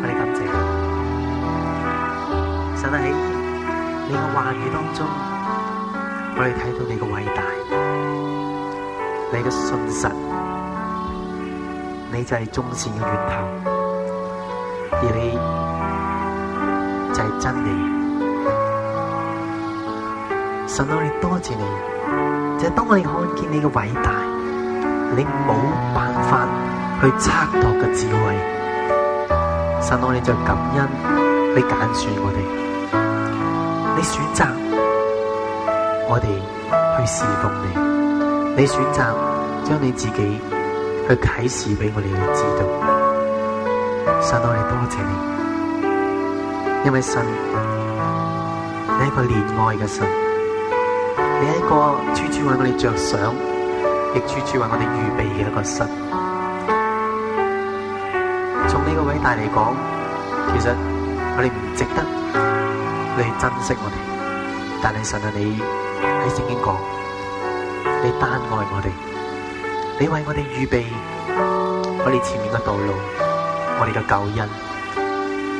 我哋感謝神啊！喺你嘅話語當中，我哋睇到你嘅偉大，你嘅信實，你就係忠善嘅源頭，而你就係真理。神啊，我哋多謝你，就係、是、當我哋看見你嘅偉大。你冇辦法去測度嘅智慧，神啊！你就感恩去揀選我哋，你選擇我哋去侍奉你，你選擇將你自己去啟示俾我哋去知道，神啊！你多謝你，因為神你係一個憐愛嘅神，你係一個處處為我哋着想。亦處處為我哋預備嘅一個神，從呢個偉大嚟講，其實我哋唔值得你去珍惜我哋，但係神啊，你喺聖經講，你單愛我哋，你為我哋預備我哋前面嘅道路，我哋嘅救恩，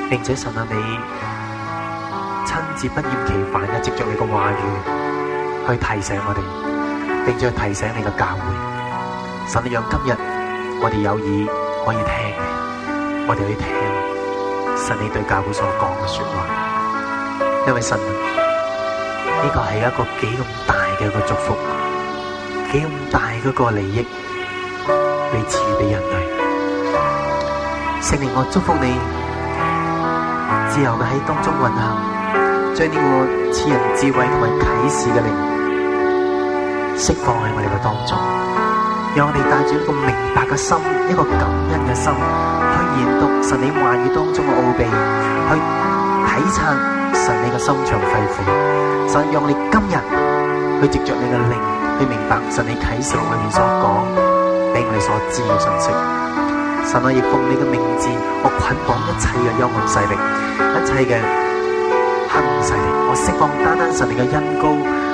並且神啊，你親自不厭其煩嘅藉着你嘅話語去提醒我哋。並且提醒你個教會，神，你讓今日我哋有耳可以聽，我哋去聽神你對教會所講嘅說話，因為神呢、呢個係一個幾咁大嘅一個祝福，幾咁大嗰個利益被賜予俾人類。聖靈，我祝福你，自由嘅喺當中運行，將呢個賜人智慧同埋啟示嘅靈。釋放喺我哋嘅當中，讓我哋帶住一個明白嘅心，一個感恩嘅心，去研讀神你話語當中嘅奧秘，去體察神你嘅心腸肺腑。神讓你今日去藉着你嘅靈去明白神你啟示裏面所講俾我哋所知嘅信息。神，我亦奉你嘅名字，我捆綁一切嘅幽暗勢力，一切嘅黑暗勢力，我釋放單單神你嘅恩膏。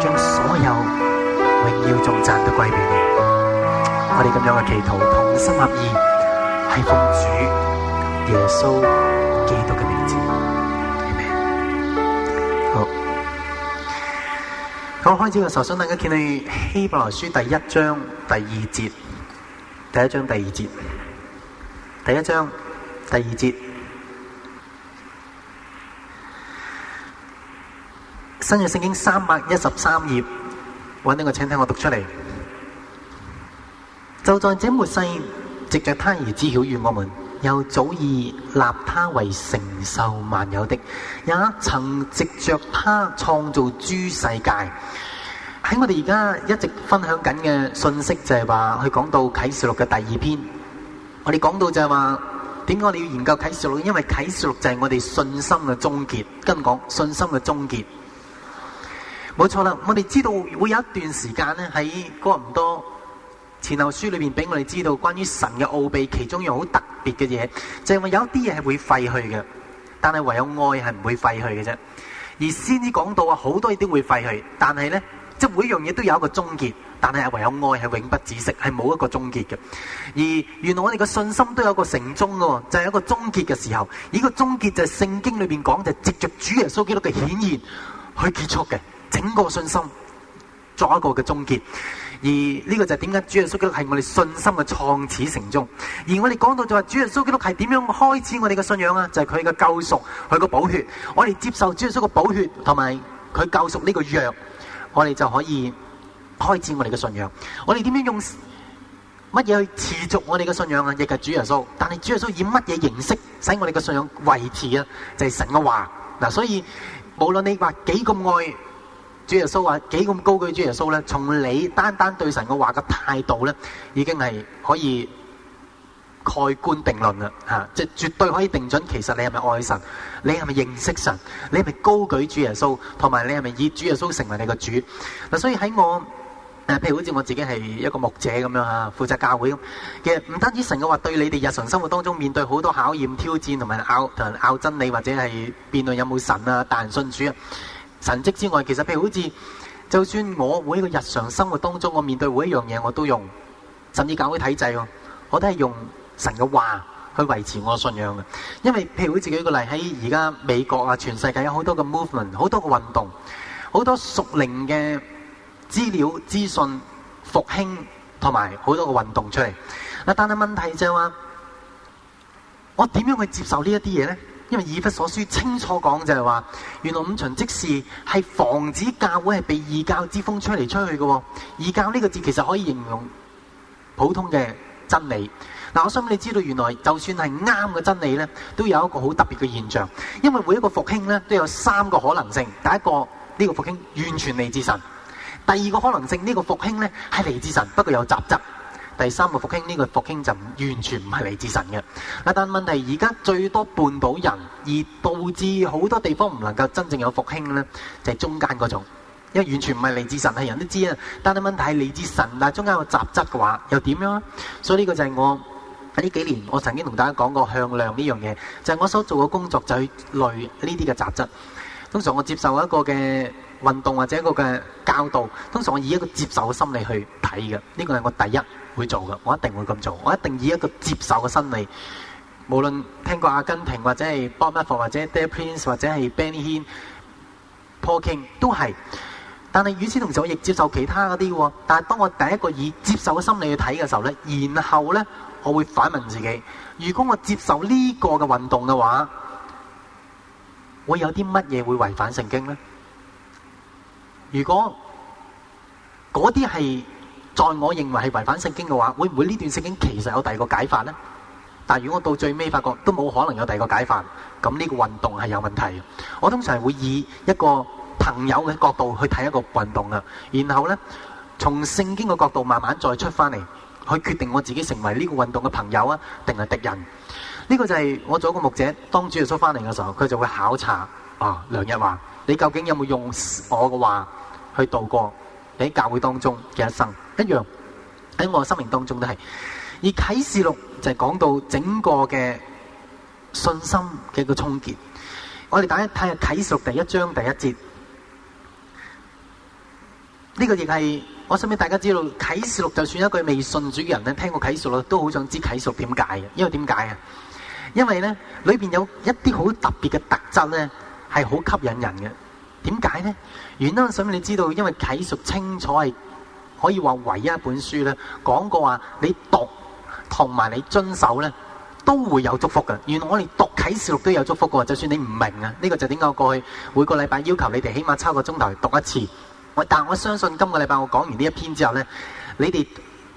將所有榮耀眾讚都歸俾你，我哋咁樣嘅祈禱同心合意，係奉主耶穌基督嘅名字，阿門。好，我開始個首先，大家見你希伯來書第一章第二節，第一章第二節，第一章第二節。新嘅聖經三百一十三頁，搵呢個請聽我讀出嚟。就在這末世，藉着他而知曉與我們，又早已立他為承受萬有的，也曾藉着他創造諸世界。喺我哋而家一直分享緊嘅信息就係話，去講到啟示錄嘅第二篇。我哋講到就係話，點解我哋要研究啟示錄？因為啟示錄就係我哋信心嘅終結，跟住講信心嘅終結。冇錯啦，我哋知道會有一段時間咧，喺哥林多前後書裏邊俾我哋知道關於神嘅奧秘，其中一樣好特別嘅嘢，就係話有啲嘢係會廢去嘅，但係唯有愛係唔會廢去嘅啫。而先至講到啊，好多嘢都會廢去，但係呢，即係每樣嘢都有一個終結，但係唯有愛係永不止息，係冇一個終結嘅。而原來我哋嘅信心都有一個成終噶，就係一個終結嘅時候。呢個終結就係聖經裏邊講，就藉着主耶穌基督嘅顯現去結束嘅。整個信心作一個嘅終結，而呢個就係點解主耶穌基督係我哋信心嘅創始成終。而我哋講到就話，主耶穌基督係點樣開始我哋嘅信仰啊？就係佢嘅救贖，佢嘅補血。我哋接受主耶穌嘅補血同埋佢救贖呢個藥，我哋就可以開始我哋嘅信仰。我哋點樣用乜嘢去持續我哋嘅信仰啊？亦係主耶穌。但係主耶穌以乜嘢形式使我哋嘅信仰維持啊？就係神嘅話嗱。所以無論你話幾咁愛。主耶穌話幾咁高舉主耶穌呢？從你單單對神嘅話嘅態度呢，已經係可以蓋棺定論啦，吓，即係絕對可以定準，其實你係咪愛神，你係咪認識神，你係咪高舉主耶穌，同埋你係咪以主耶穌成為你嘅主？嗱，所以喺我譬如好似我自己係一個牧者咁樣吓，負責教會，其實唔單止神嘅話，對你哋日常生活當中面對好多考驗、挑戰，同埋拗同人拗真理，或者係辯論有冇神啊，大人信主啊。神蹟之外，其實譬如好似，就算我喎喺個日常生活當中，我面對每一樣嘢我都用，甚至搞個體制喎，我都係用神嘅話去維持我信仰嘅。因為譬如好似舉個例喺而家美國啊，全世界有好多嘅 movement，好多嘅運動，好多屬靈嘅資料資訊復興同埋好多嘅運動出嚟。但係問題就係話，我點樣去接受呢一啲嘢呢？因為《以弗所書》清楚講就係話，原來五旬即是係防止教會係被異教之風吹嚟吹去嘅。異教呢個字其實可以形容普通嘅真理。嗱、啊，我想你知道原來就算係啱嘅真理呢，都有一個好特別嘅現象。因為每一個復興呢，都有三個可能性。第一個呢、這個復興完全嚟自神；第二個可能性呢、這個復興呢，係嚟自神，不過有雜質。第三個復興，呢個復興就完全唔係嚟自神嘅。但問題而家最多半島人，而導致好多地方唔能夠真正有復興呢，就係中間嗰種。因為完全唔係嚟自神，係人都知啊。但係問題係嚟自神，但係中間有雜質嘅話，又點樣？所以呢個就係我喺呢幾年，我曾經同大家講過向量呢樣嘢，就係我所做嘅工作就去累呢啲嘅雜質。通常我接受一個嘅運動或者一個嘅教導，通常我以一個接受嘅心理去睇嘅，呢個係我第一。會做嘅，我一定會咁做。我一定以一個接受嘅心理，無論聽過阿根廷或者係 Bob Marf 或者 De Prince 或者係 Benny Hinn、Paul King 都係。但係與此同時，我亦接受其他嗰啲，哦。但係當我第一個以接受嘅心理去睇嘅時候呢，然後呢，我會反問自己：如果我接受呢個嘅運動嘅話，會有啲乜嘢會違反聖經呢？如果嗰啲係？在我認為係違反聖經嘅話，會唔會呢段聖經其實有第二個解法呢？但如果我到最尾發覺都冇可能有第二個解法，咁呢個運動係有問題。我通常會以一個朋友嘅角度去睇一個運動啦，然後呢，從聖經嘅角度慢慢再出翻嚟去決定我自己成為呢個運動嘅朋友啊，定係敵人？呢個就係我做一個牧者，當主耶穌翻嚟嘅時候，佢就會考察啊梁日華，你究竟有冇用我嘅話去度過你喺教會當中嘅一生？一樣喺我生命當中都係，而啟示錄就係講到整個嘅信心嘅一個衝擊。我哋大家睇下啟示錄第一章第一節，呢個亦係我想俾大家知道，啟示錄就算一句未信主嘅人咧，聽過啟示錄都好想知啟示錄點解嘅，因為點解啊？因為咧裏邊有一啲好特別嘅特質咧，係好吸引人嘅。點解咧？原因想俾你知道，因為啟示錄清楚係。可以話唯一一本書咧，講過話你讀同埋你遵守咧，都會有祝福嘅。原來我哋讀啟示錄都有祝福嘅，就算你唔明啊，呢個就點解我過去每個禮拜要求你哋起碼抽個鐘頭讀一次。我但我相信今個禮拜我講完呢一篇之後呢，你哋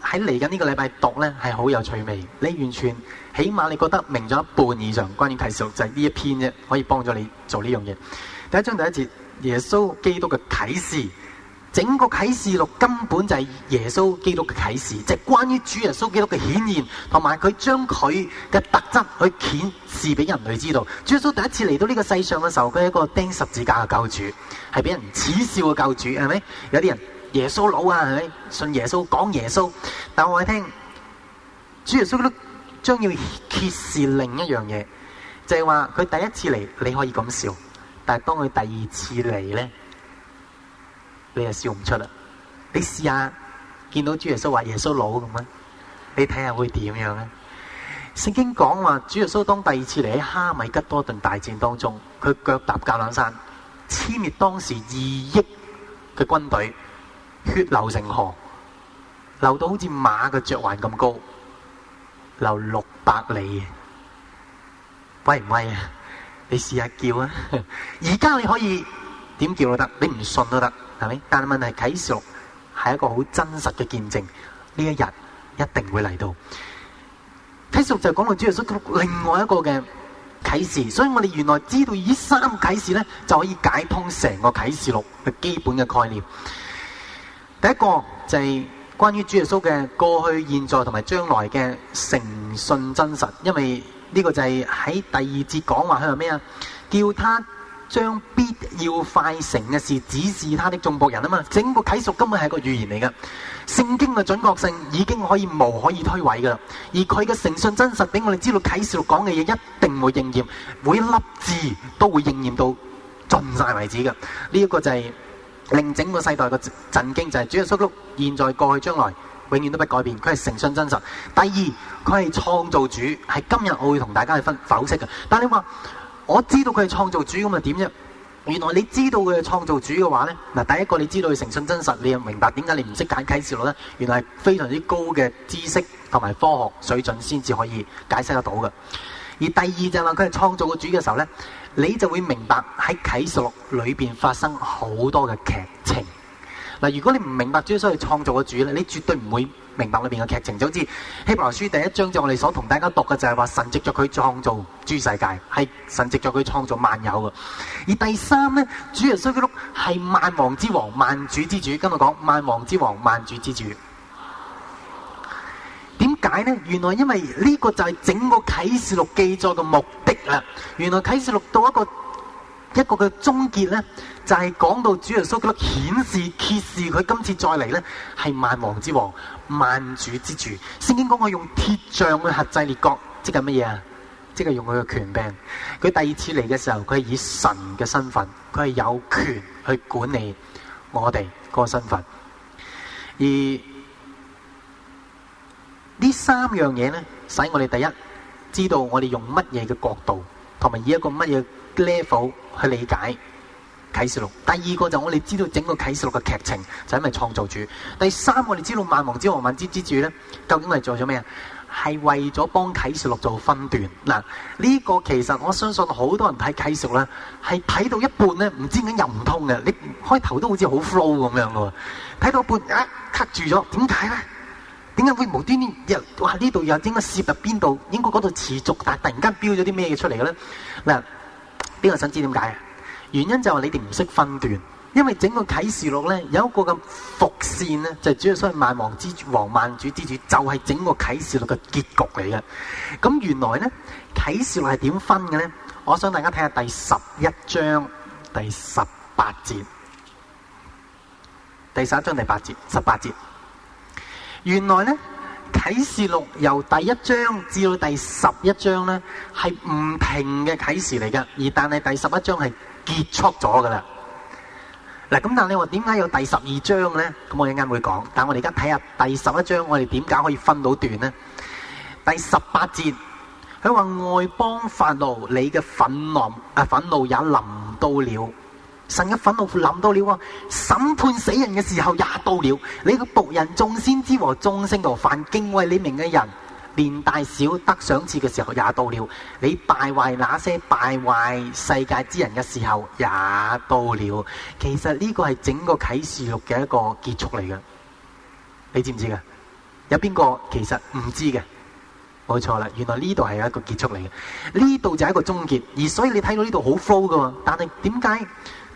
喺嚟緊呢個禮拜讀呢係好有趣味。你完全起碼你覺得明咗一半以上關於啟示錄就係呢一篇啫，可以幫助你做呢樣嘢。第一章第一節，耶穌基督嘅啟示。整個啟示錄根本就係耶穌基督嘅啟示，即係關於主耶穌基督嘅顯現，同埋佢將佢嘅特質去顯示俾人類知道。主耶穌第一次嚟到呢個世上嘅時候，佢係一個釘十字架嘅教主，係俾人恥笑嘅教主，係咪？有啲人耶穌佬啊，係咪？信耶穌講耶穌，但我喺聽主耶穌基督將要揭示另一樣嘢，就係話佢第一次嚟你可以噉笑，但係當佢第二次嚟呢。你又笑唔出啦！你試下見到主耶穌話耶穌老咁樣，你睇下會點樣啊？聖經講話，主耶穌當第二次嚟喺哈米吉多頓大戰當中，佢腳踏橄欖山，殲滅當時二億嘅軍隊，血流成河，流到好似馬嘅嚼環咁高，流六百里，威唔威？啊？你試下叫啊！而 家你可以點叫都得，你唔信都得。但係問題，啟示錄係一個好真實嘅見證，呢一日一定會嚟到。啟示錄就講到主耶穌另外一個嘅啟示，所以我哋原來知道呢三啟示呢，就可以解通成個啟示錄嘅基本嘅概念。第一個就係關於主耶穌嘅過去、現在同埋將來嘅誠信真實，因為呢個就係喺第二節講話，佢話咩啊，叫他。將必要快成嘅事指示他的眾僕人啊嘛，整個啟示根本係個預言嚟噶。聖經嘅準確性已經可以無可以推諉噶啦，而佢嘅誠信真實俾我哋知道啟示錄講嘅嘢一定會應驗，每一粒字都會應驗到盡晒為止噶。呢、這、一個就係令整個世代嘅震驚，就係、是、主耶穌基督現在過去將來永遠都不改變，佢係誠信真實。第二，佢係創造主，係今日我會同大家去分剖析嘅。但係你話。我知道佢係創造主咁咪點啫？原來你知道佢係創造主嘅話呢嗱，第一個你知道佢誠信真實，你又明白點解你唔識解啟示錄呢，原來係非常之高嘅知識同埋科學水準先至可以解釋得到嘅。而第二就係佢係創造個主嘅時候呢，你就會明白喺啟示錄裏邊發生好多嘅劇情。嗱，如果你唔明白主耶穌所創造嘅主咧，你絕對唔會明白裏邊嘅劇情。總之，《希伯來書》第一章就我哋所同大家讀嘅就係話神藉咗佢創造諸世界，係神藉咗佢創造萬有嘅。而第三咧，主耶穌基督係萬王之王、萬主之主。跟我講，萬王之王、萬主之主。點解呢？原來因為呢個就係整個啟示錄記載嘅目的啦。原來啟示錄到一個。一個嘅終結咧，就係、是、講到主耶穌基督顯示揭示，佢今次再嚟咧，係萬王之王、萬主之主。聖經講佢用鐵杖去轄制列國，即係乜嘢啊？即係用佢嘅權柄。佢第二次嚟嘅時候，佢係以神嘅身份，佢係有權去管理我哋嗰個身份。而呢三樣嘢咧，使我哋第一知道我哋用乜嘢嘅角度，同埋以一個乜嘢？level 去理解啟示錄，第二個就我哋知道整個啟示錄嘅劇情就係、是、因為創造主，第三個我哋知道萬王之王萬之之主咧，究竟係做咗咩啊？係為咗幫啟示錄做分段嗱，呢、這個其實我相信好多人睇啟示錄咧，係睇到一半咧唔知點解又唔通嘅，你開頭都好似好 flow 咁樣嘅喎，睇到一半啊卡、呃、住咗，點解咧？點解會無端端、呃、哇呢度又應該攝入邊度？應該嗰度持續，但係突然間飆咗啲咩嘢出嚟嘅咧嗱？呢個想知點解啊？原因就係你哋唔識分段，因為整個啟示錄呢，有一個咁伏綫呢，就是、主要所謂萬王之王萬主之主就係、是、整個啟示錄嘅結局嚟嘅。咁原來呢，啟示錄係點分嘅呢？我想大家睇下第十一章第十八節，第十一章第八節，十八節，原來呢。啟示錄由第一章至到第十一章呢，係唔停嘅啟示嚟嘅，而但係第十一章係結束咗噶啦。嗱，咁但係你話點解有第十二章呢？咁我一陣會講。但係我哋而家睇下第十一章，我哋點解可以分到段呢？第十八節，佢話外邦發怒，你嘅憤怒啊，憤怒也臨到了，了。神嘅憤怒諗到了，審判死人嘅時候也到了。你個僕人眾先知和眾聖徒凡敬畏你名嘅人，連大小得賞賜嘅時候也到了。你敗壞那些敗壞世界之人嘅時候也到了。其實呢個係整個啟示錄嘅一個結束嚟嘅，你知唔知嘅？有邊個其實唔知嘅？冇錯啦，原來呢度係一個結束嚟嘅，呢度就係一個終結。而所以你睇到呢度好 flow 噶，但係點解？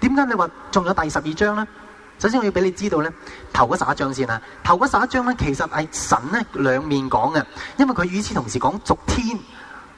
點解你話仲有第十二章呢？首先我要俾你知道呢，頭嗰十一章先啦。頭嗰十一章咧，其實係神咧兩面講嘅，因為佢與此同時講逐天。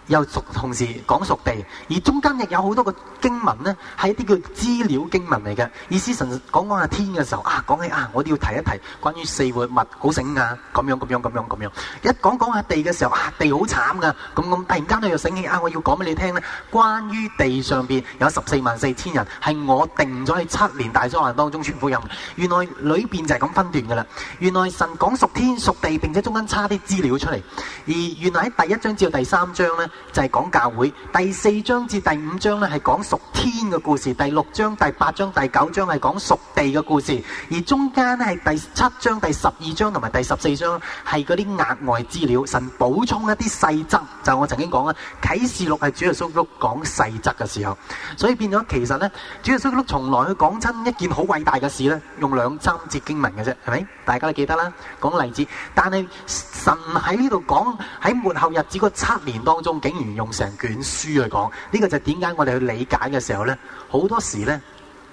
又屬，同時講屬地，而中間亦有好多個經文呢，係一啲叫資料經文嚟嘅。意思，神講講下天嘅時候啊，講起啊，我都要提一提關於四活物好醒啊，咁樣咁樣咁樣咁樣。一講講下地嘅時候啊，地好慘噶，咁咁突然間佢又醒起啊，我要講俾你聽呢，關於地上邊有十四萬四千人係我定咗喺七年大災難當中全部任務。原來裏邊就係咁分段噶啦。原來神講屬天屬地，並且中間差啲資料出嚟，而原來喺第一章至到第三章呢。就係講教會，第四章至第五章咧，係講屬天嘅故事，第六章、第八章、第九章係講屬地嘅故事，而中間咧，係第七章、第十二章同埋第十四章係嗰啲額外資料，神補充一啲細則。就我曾經講啦，《啟示錄》係主耶穌基督講細則嘅時候，所以變咗其實咧，主耶穌基督從來去講親一件好偉大嘅事咧，用兩三節經文嘅啫，係咪？大家都記得啦，講例子，但係神喺呢度講喺末後日子嗰七年當中，竟然用成卷書去講，呢個就係點解我哋去理解嘅時候呢？好多時呢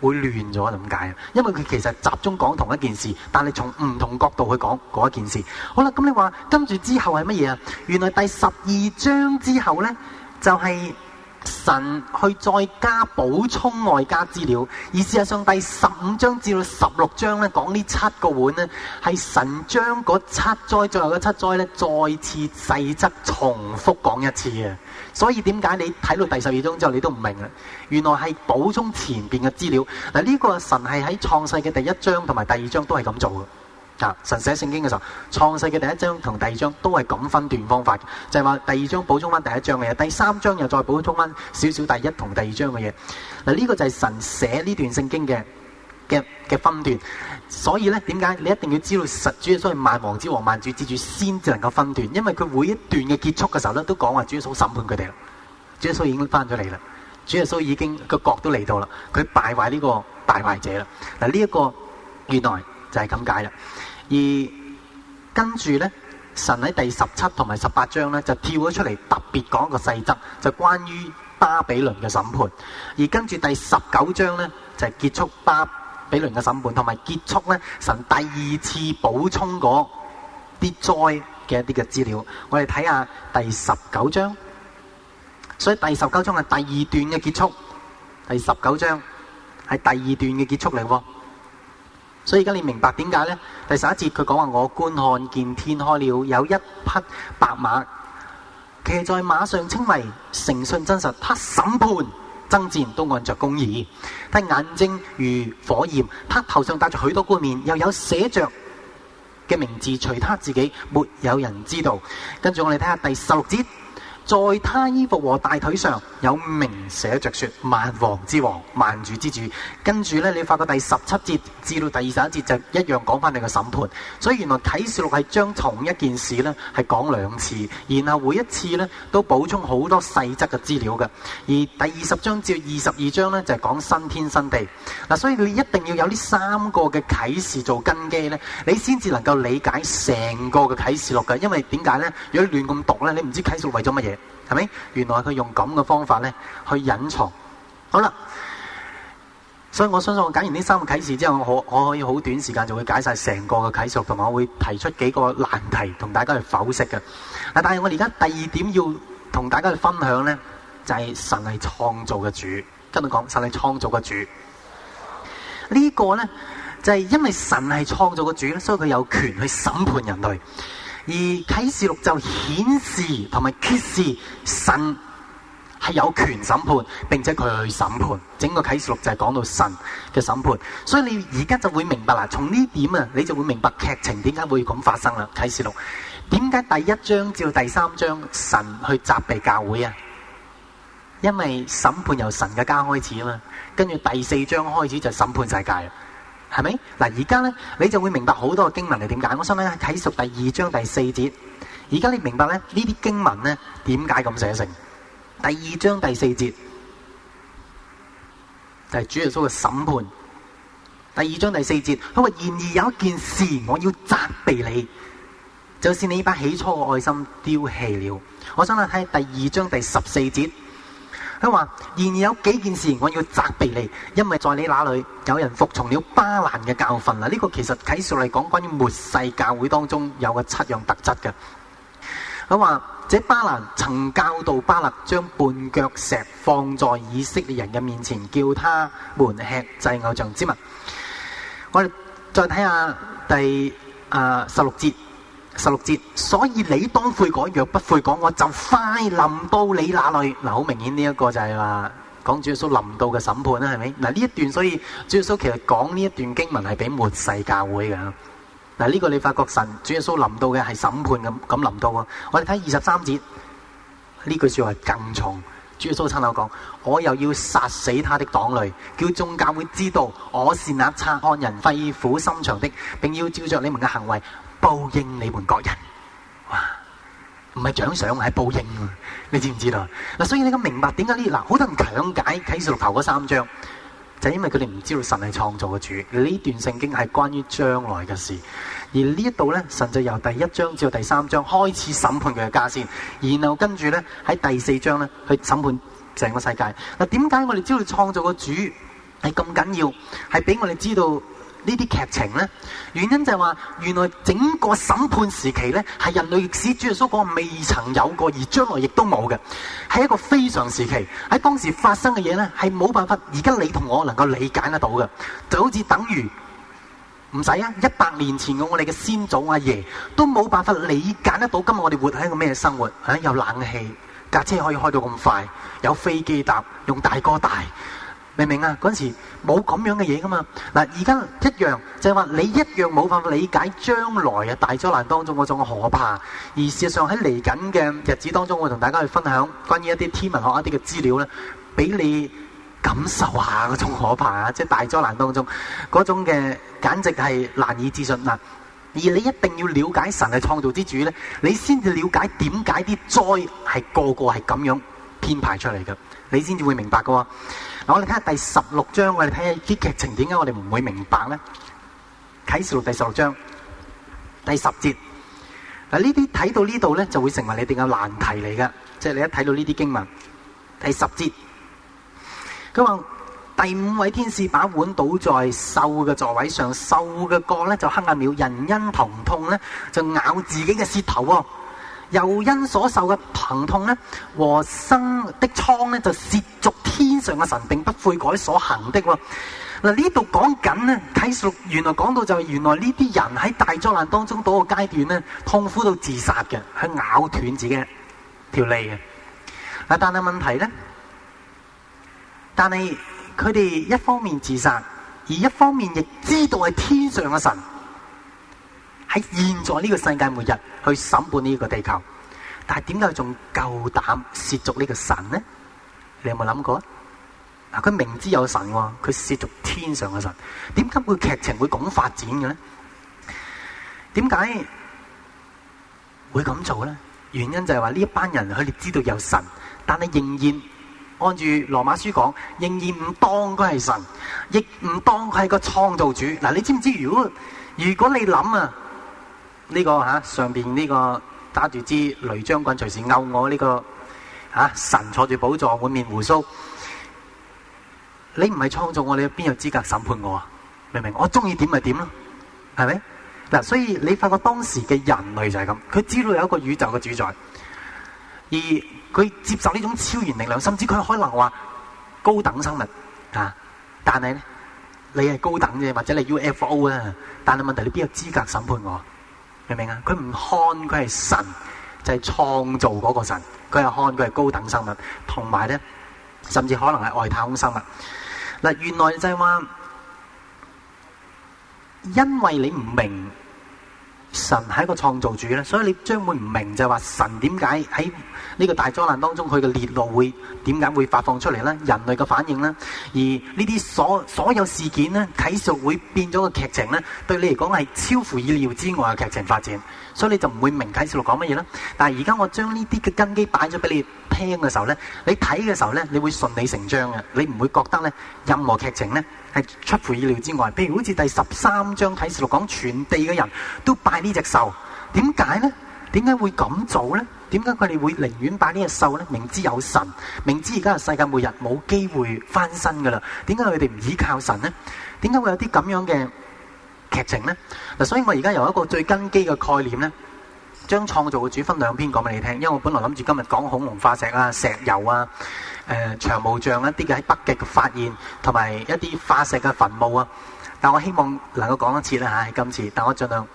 會亂咗，就咁解啊！因為佢其實集中講同一件事，但係從唔同角度去講嗰一件事。好啦，咁你話跟住之後係乜嘢啊？原來第十二章之後呢，就係。神去再加補充外加資料，而事實上第十五章至到十六章咧講呢七個碗呢，係神將嗰七災最後嘅七災呢再次細則重複講一次啊！所以點解你睇到第十二章之後你都唔明咧？原來係補充前邊嘅資料嗱，呢、這個神係喺創世嘅第一章同埋第二章都係咁做嘅。啊！神寫聖經嘅時候，創世嘅第一章同第二章都係咁分段方法嘅，就係話第二章補充翻第一章嘅嘢，第三章又再補充翻少少第一同第二章嘅嘢。嗱呢個就係神寫呢段聖經嘅嘅嘅分段。所以咧，點解你一定要知道主耶穌係萬王之王、萬主之主先至能夠分段？因為佢每一段嘅結束嘅時候咧，都講話主耶穌審判佢哋啦。主耶穌已經翻咗嚟啦，主耶穌已經個角都嚟到啦，佢敗壞呢個大壞者啦。嗱呢一個原來就係咁解啦。而跟住呢，神喺第十七同埋十八章呢就跳咗出嚟，特別講一個細則，就關於巴比倫嘅審判。而跟住第十九章呢，就係結束巴比倫嘅審判，同埋結束呢神第二次補充嗰啲災嘅一啲嘅資料。我哋睇下第十九章。所以第十九章係第二段嘅結束，第十九章係第二段嘅結束嚟。所以而家你明白點解呢？第十一節佢講話：我觀看見天開了，有一匹白馬騎在馬上，稱為誠信真實。他審判爭戰都按着公義。他眼睛如火焰，他頭上戴着許多冠冕，又有寫着嘅名字，除他自己，沒有人知道。跟住我哋睇下第十六節。在他衣服和大腿上有名寫着說，萬王之王，萬主之主。跟住咧，你發覺第十七節至到第二十一節就一樣講翻你個審判。所以原來啟示錄係將同一件事咧係講兩次，然後每一次咧都補充好多細則嘅資料嘅。而第二十章至二十二章咧就係講新天新地嗱。所以你一定要有呢三個嘅啟示做根基咧，你先至能夠理解成個嘅啟示錄嘅。因為點解咧？如果你亂咁讀咧，你唔知啟示錄為咗乜嘢。係咪？原來佢用咁嘅方法咧去隱藏。好啦，所以我相信我揀完呢三個啟示之後，我可我可以好短時間就會解晒成個嘅啟示錄，同埋我會提出幾個難題同大家去剖析。嘅。嗱，但係我而家第二點要同大家去分享呢，就係、是、神係創造嘅主。跟住講，神係創造嘅主。呢、這個呢，就係、是、因為神係創造嘅主咧，所以佢有權去審判人類。而啟示錄就顯示同埋揭示神係有權審判，並且佢去審判。整個啟示錄就係講到神嘅審判，所以你而家就會明白啦。從呢點啊，你就會明白劇情點解會咁發生啦。啟示錄點解第一章至第三章神去責備教會啊？因為審判由神嘅家開始啊嘛，跟住第四章開始就審判世界。係咪？嗱，而家咧，你就會明白好多經文係點解。我想咧睇熟第二章第四節，而家你明白咧呢啲經文咧點解咁寫成？第二章第四節就係、是、主耶穌嘅審判。第二章第四節，佢話然而有一件事，我要責備你，就算你把起初嘅愛心丟棄了。我想咧睇第二章第十四節。佢話：然而有幾件事，我要責備你，因為在你那裏有人服從了巴蘭嘅教訓啦。呢個其實啟示嚟講，關於末世教會當中有嘅七樣特質嘅。佢話：這巴蘭曾教導巴勒將絆腳石放在以色列人嘅面前，叫他們吃祭偶像之物。我哋再睇下第啊十六節。呃十六節，所以你當悔改，若不悔改，我就快臨到你那裏。嗱，好 明顯呢一個就係話講主耶穌臨到嘅審判啦，係咪？嗱，呢一段所以，主耶穌其實講呢一段經文係俾末世教會嘅。嗱呢、 這個你發覺神主耶穌臨到嘅係審判咁咁臨到啊。 我哋睇二十三節呢句說話更重，主耶穌親口講：我又要殺死他的黨類，叫眾教會知道我是那察看人肺腑心腸的，並要照着你們嘅行為。報應你們各人，哇！唔係獎賞，係報應，你知唔知道？嗱，所以你咁明白點解呢？嗱，好多人強解啟示錄頭嗰三章，就係因為佢哋唔知道神係創造嘅主，呢段聖經係關於將來嘅事，而呢一度咧，神就由第一章至到第三章開始審判佢嘅家先，然後跟住咧喺第四章咧去審判整個世界。嗱，點解我哋知道創造嘅主係咁緊要？係俾我哋知道。呢啲劇情呢，原因就係話，原來整個審判時期呢，係人類歷史主耶穌講未曾有過，而將來亦都冇嘅，係一個非常時期。喺當時發生嘅嘢呢，係冇辦法而家你同我能夠理解得到嘅，就好似等於唔使啊，一百年前嘅我哋嘅先祖阿、啊、爺都冇辦法理解得到今日我哋活喺一個咩生活，嚇、啊、有冷氣，架車可以開到咁快，有飛機搭，用大哥大。明唔明啊？嗰陣時冇咁樣嘅嘢噶嘛？嗱，而家一樣就係話你一樣冇辦法理解將來啊大災難當中嗰種可怕。而事實上喺嚟緊嘅日子當中，我同大家去分享關於一啲天文學一啲嘅資料咧，俾你感受下嗰種可怕呀，即係大災難當中嗰種嘅，簡直係難以置信嗱。而你一定要了解神係創造之主呢，你先至了解點解啲災係個個係咁樣編排出嚟嘅，你先至會明白嘅喎。我哋睇下第十六章，我哋睇下啲劇情點解我哋唔會明白呢？啟示錄第十六章第十節，嗱呢啲睇到呢度咧就會成為你哋嘅難題嚟噶，即係你一睇到呢啲經文第十節，佢話第五位天使把碗倒在獸嘅座位上，獸嘅角呢就黑暗了，人因疼痛呢就咬自己嘅舌頭哦。又因所受嘅疼痛咧，和生的瘡咧就褻瀆天上嘅神，並不悔改所行的喎。嗱，呢度講緊咧，啟示原來講到就係原來呢啲人喺大災難當中嗰個階段咧，痛苦到自殺嘅，去咬斷自己條脷嘅。嗱，但係問題咧，但係佢哋一方面自殺，而一方面亦知道係天上嘅神。喺現在呢個世界末日去審判呢個地球，但係點解仲夠膽褻瀆呢個神呢？你有冇諗過啊？嗱，佢明知有神喎，佢褻瀆天上嘅神，點解佢劇情會咁發展嘅呢？點解會咁做呢？原因就係話呢一班人佢哋知道有神，但係仍然按住羅馬書講，仍然唔當佢係神，亦唔當佢係個創造主。嗱、啊，你知唔知？如果如果你諗啊？呢、這個吓、啊、上邊呢、這個揸住支雷將軍隨時勾我呢、這個吓、啊、神坐住寶座滿面鬍鬚，你唔係創造我，你邊有資格審判我啊？明唔明？我中意點咪點咯，係咪？嗱，所以你發覺當時嘅人類就係咁，佢知道有一個宇宙嘅主宰，而佢接受呢種超然力量，甚至佢可能話高等生物啊，但係呢你係高等嘅，或者你 UFO 啊，但係問題你邊有資格審判我，啊？明唔明啊？佢唔看佢係神，就係、是、創造嗰個神。佢係看佢係高等生物，同埋咧，甚至可能係外太空生物。嗱，原來就係話，因為你唔明。神係一個創造主咧，所以你將會唔明就係話神點解喺呢個大災難當中佢嘅烈怒會點解會發放出嚟呢？人類嘅反應呢？而呢啲所所有事件呢，啟示會變咗個劇情呢，對你嚟講係超乎意料之外嘅劇情發展。所以你就唔會明啟示錄講乜嘢啦。但係而家我將呢啲嘅根基擺咗俾你聽嘅時候呢，你睇嘅時候呢，你會順理成章嘅，你唔會覺得呢任何劇情呢係出乎意料之外。譬如好似第十三章啟示錄講全地嘅人都拜呢隻獸，點解呢？點解會咁做呢？點解佢哋會寧願拜呢隻獸呢？明知有神，明知而家係世界末日冇機會翻身噶啦，點解佢哋唔依靠神呢？點解會有啲咁樣嘅劇情咧嗱，所以我而家由一個最根基嘅概念咧，將創造嘅主分兩篇講俾你聽。因為我本來諗住今日講恐龍化石啊、石油啊、誒長毛象一啲嘅喺北極嘅發現，同埋一啲化石嘅墳墓啊。但我希望能夠講一次啦，喺今次，但我儘量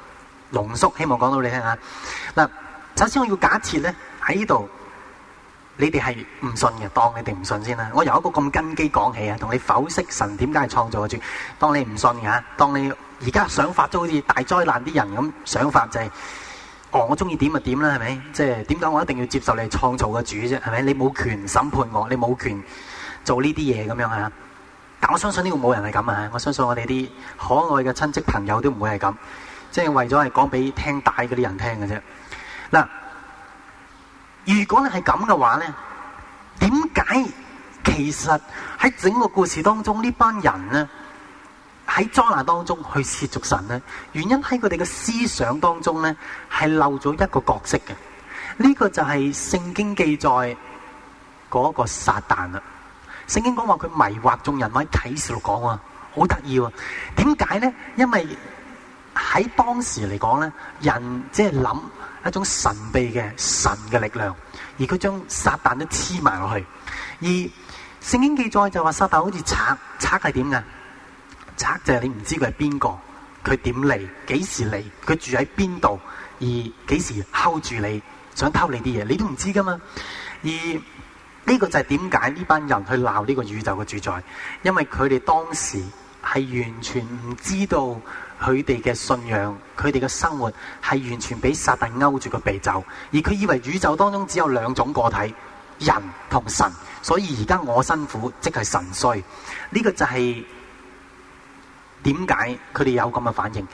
濃縮，希望講到你聽下。嗱，首先我要假設咧喺呢度。你哋係唔信嘅，當你哋唔信先啦。我由一個咁根基講起啊，同你剖析神點解係創造嘅主？當你唔信嘅，當你而家想法都好似大災難啲人咁想法，想法就係、是、哦，我中意點就點啦，係咪？即係點講？我一定要接受你創造嘅主啫，係咪？你冇權審判我，你冇權做呢啲嘢咁樣啊。但我相信呢個冇人係咁啊。我相信我哋啲可愛嘅親戚朋友都唔會係咁，即、就、係、是、為咗係講俾聽帶嗰啲人聽嘅啫。嗱。如果你係咁嘅話咧，點解其實喺整個故事當中呢班人咧，喺災難當中去褻瀆神咧？原因喺佢哋嘅思想當中咧，係漏咗一個角色嘅。呢、這個就係聖經記載嗰個撒旦啦。聖經講話佢迷惑眾人，喺啟示錄講啊，好得意啊。點解咧？因為喺當時嚟講咧，人即係諗。一種神秘嘅神嘅力量，而佢將撒旦都黐埋落去。而聖經記載就話撒旦好似賊，賊係點㗎？賊就係你唔知佢係邊個，佢點嚟，幾時嚟，佢住喺邊度，而幾時睺住你，想偷你啲嘢，你都唔知㗎嘛。而呢個就係點解呢班人去鬧呢個宇宙嘅主宰，因為佢哋當時係完全唔知道。佢哋嘅信仰，佢哋嘅生活係完全俾撒旦勾住個鼻走，而佢以為宇宙當中只有兩種個體，人同神，所以而家我辛苦，即係神衰。呢個就係點解佢哋有咁嘅反應？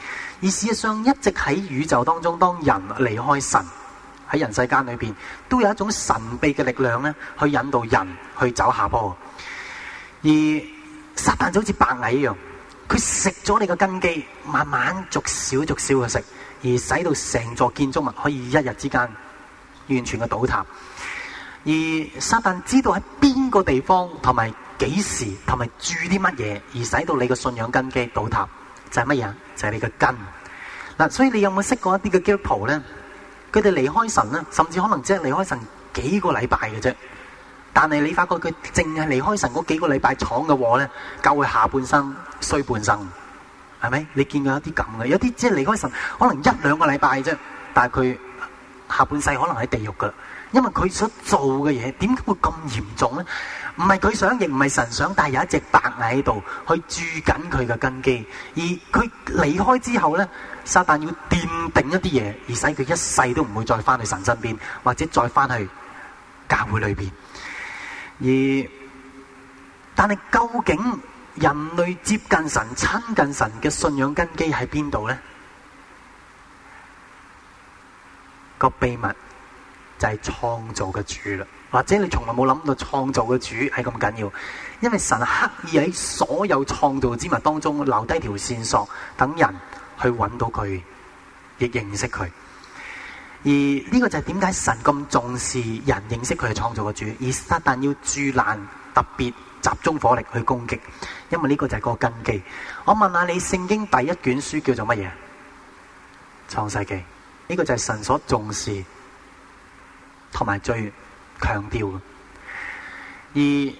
而事實上，一直喺宇宙當中，當人離開神喺人世間裏邊，都有一種神秘嘅力量咧，去引導人去走下坡。而撒旦就好似白蟻一樣。佢食咗你個根基，慢慢逐少逐少嘅食而使到成座建築物可以一日之間完全嘅倒塌。而撒旦知道喺邊個地方，同埋幾時，同埋住啲乜嘢，而使到你嘅信仰根基倒塌，就係乜嘢？就係你嘅根。嗱，所以你有冇識過一啲嘅基督徒咧？佢哋離開神咧，甚至可能只係離開神幾個禮拜嘅啫。但係你發覺佢淨係離開神嗰幾個禮拜闖嘅禍咧，救佢下半生衰半生，係咪？你見過有啲咁嘅，有啲即係離開神可能一兩個禮拜啫，但係佢下半世可能喺地獄噶，因為佢所做嘅嘢點解會咁嚴重咧？唔係佢想，亦唔係神想，但係有一隻白蟻喺度去蛀緊佢嘅根基，而佢離開之後咧，撒旦要奠定一啲嘢，而使佢一世都唔會再翻去神身邊，或者再翻去教會裏邊。而但係究竟人類接近神、親近神嘅信仰根基喺邊度咧？個秘密就係創造嘅主啦，或者你從來冇諗到創造嘅主係咁緊要，因為神刻意喺所有創造之物當中留低條線索，等人去揾到佢，亦認識佢。而呢個就係點解神咁重視人認識佢係創造嘅主，而撒旦要注難特別集中火力去攻擊，因為呢個就係個根基。我問下你，聖經第一卷書叫做乜嘢？創世記。呢個就係神所重視同埋最強調嘅。而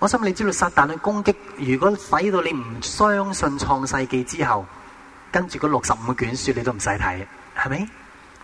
我心你知道，撒旦去攻擊，如果使到你唔相信創世記之後，跟住嗰六十五卷書你都唔使睇，係咪？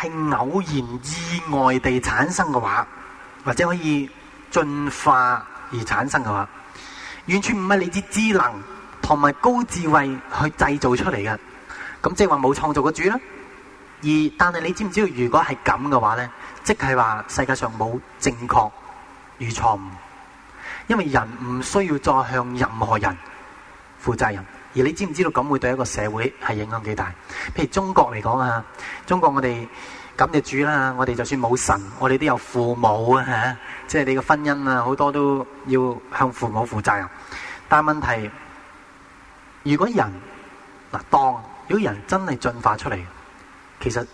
係偶然意外地產生嘅話，或者可以進化而產生嘅話，完全唔係你啲智能，同埋高智慧去製造出嚟嘅，咁即係話冇創造嘅主啦。而但係你知唔知道，如果係咁嘅話呢，即係話世界上冇正確與錯誤，因為人唔需要再向任何人負責任。而你知唔知道咁會對一個社會係影響幾大？譬如中國嚟講啊，中國我哋咁就主啦，我哋就算冇神，我哋都有父母啊，即係你嘅婚姻啊，好多都要向父母負責任。但問題，如果人嗱當，如果人真係進化出嚟，其實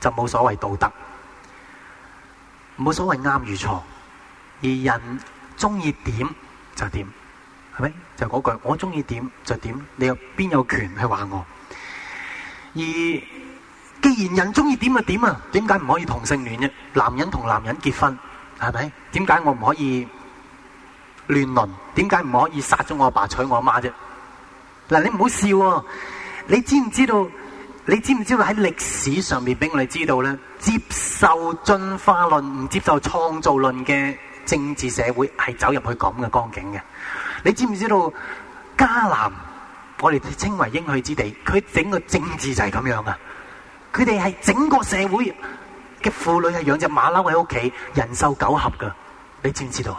就冇所謂道德，冇所謂啱與錯，而人中意點就點。係咪？就嗰句，我中意點就點，你有邊有權去話我？而既然人中意點就點啊，點解唔可以同性戀啫？男人同男人結婚，係咪？點解我唔可以亂倫？點解唔可以殺咗我阿爸娶我阿媽啫？嗱，你唔好笑啊，你知唔知道？你知唔知道喺歷史上面俾我哋知道咧？接受進化論唔接受創造論嘅政治社會，係走入去咁嘅光景嘅。你知唔知道迦南？我哋稱為應許之地，佢整個政治就係咁樣噶。佢哋係整個社會嘅婦女係養隻馬騮喺屋企，人獸苟合噶。你知唔知道？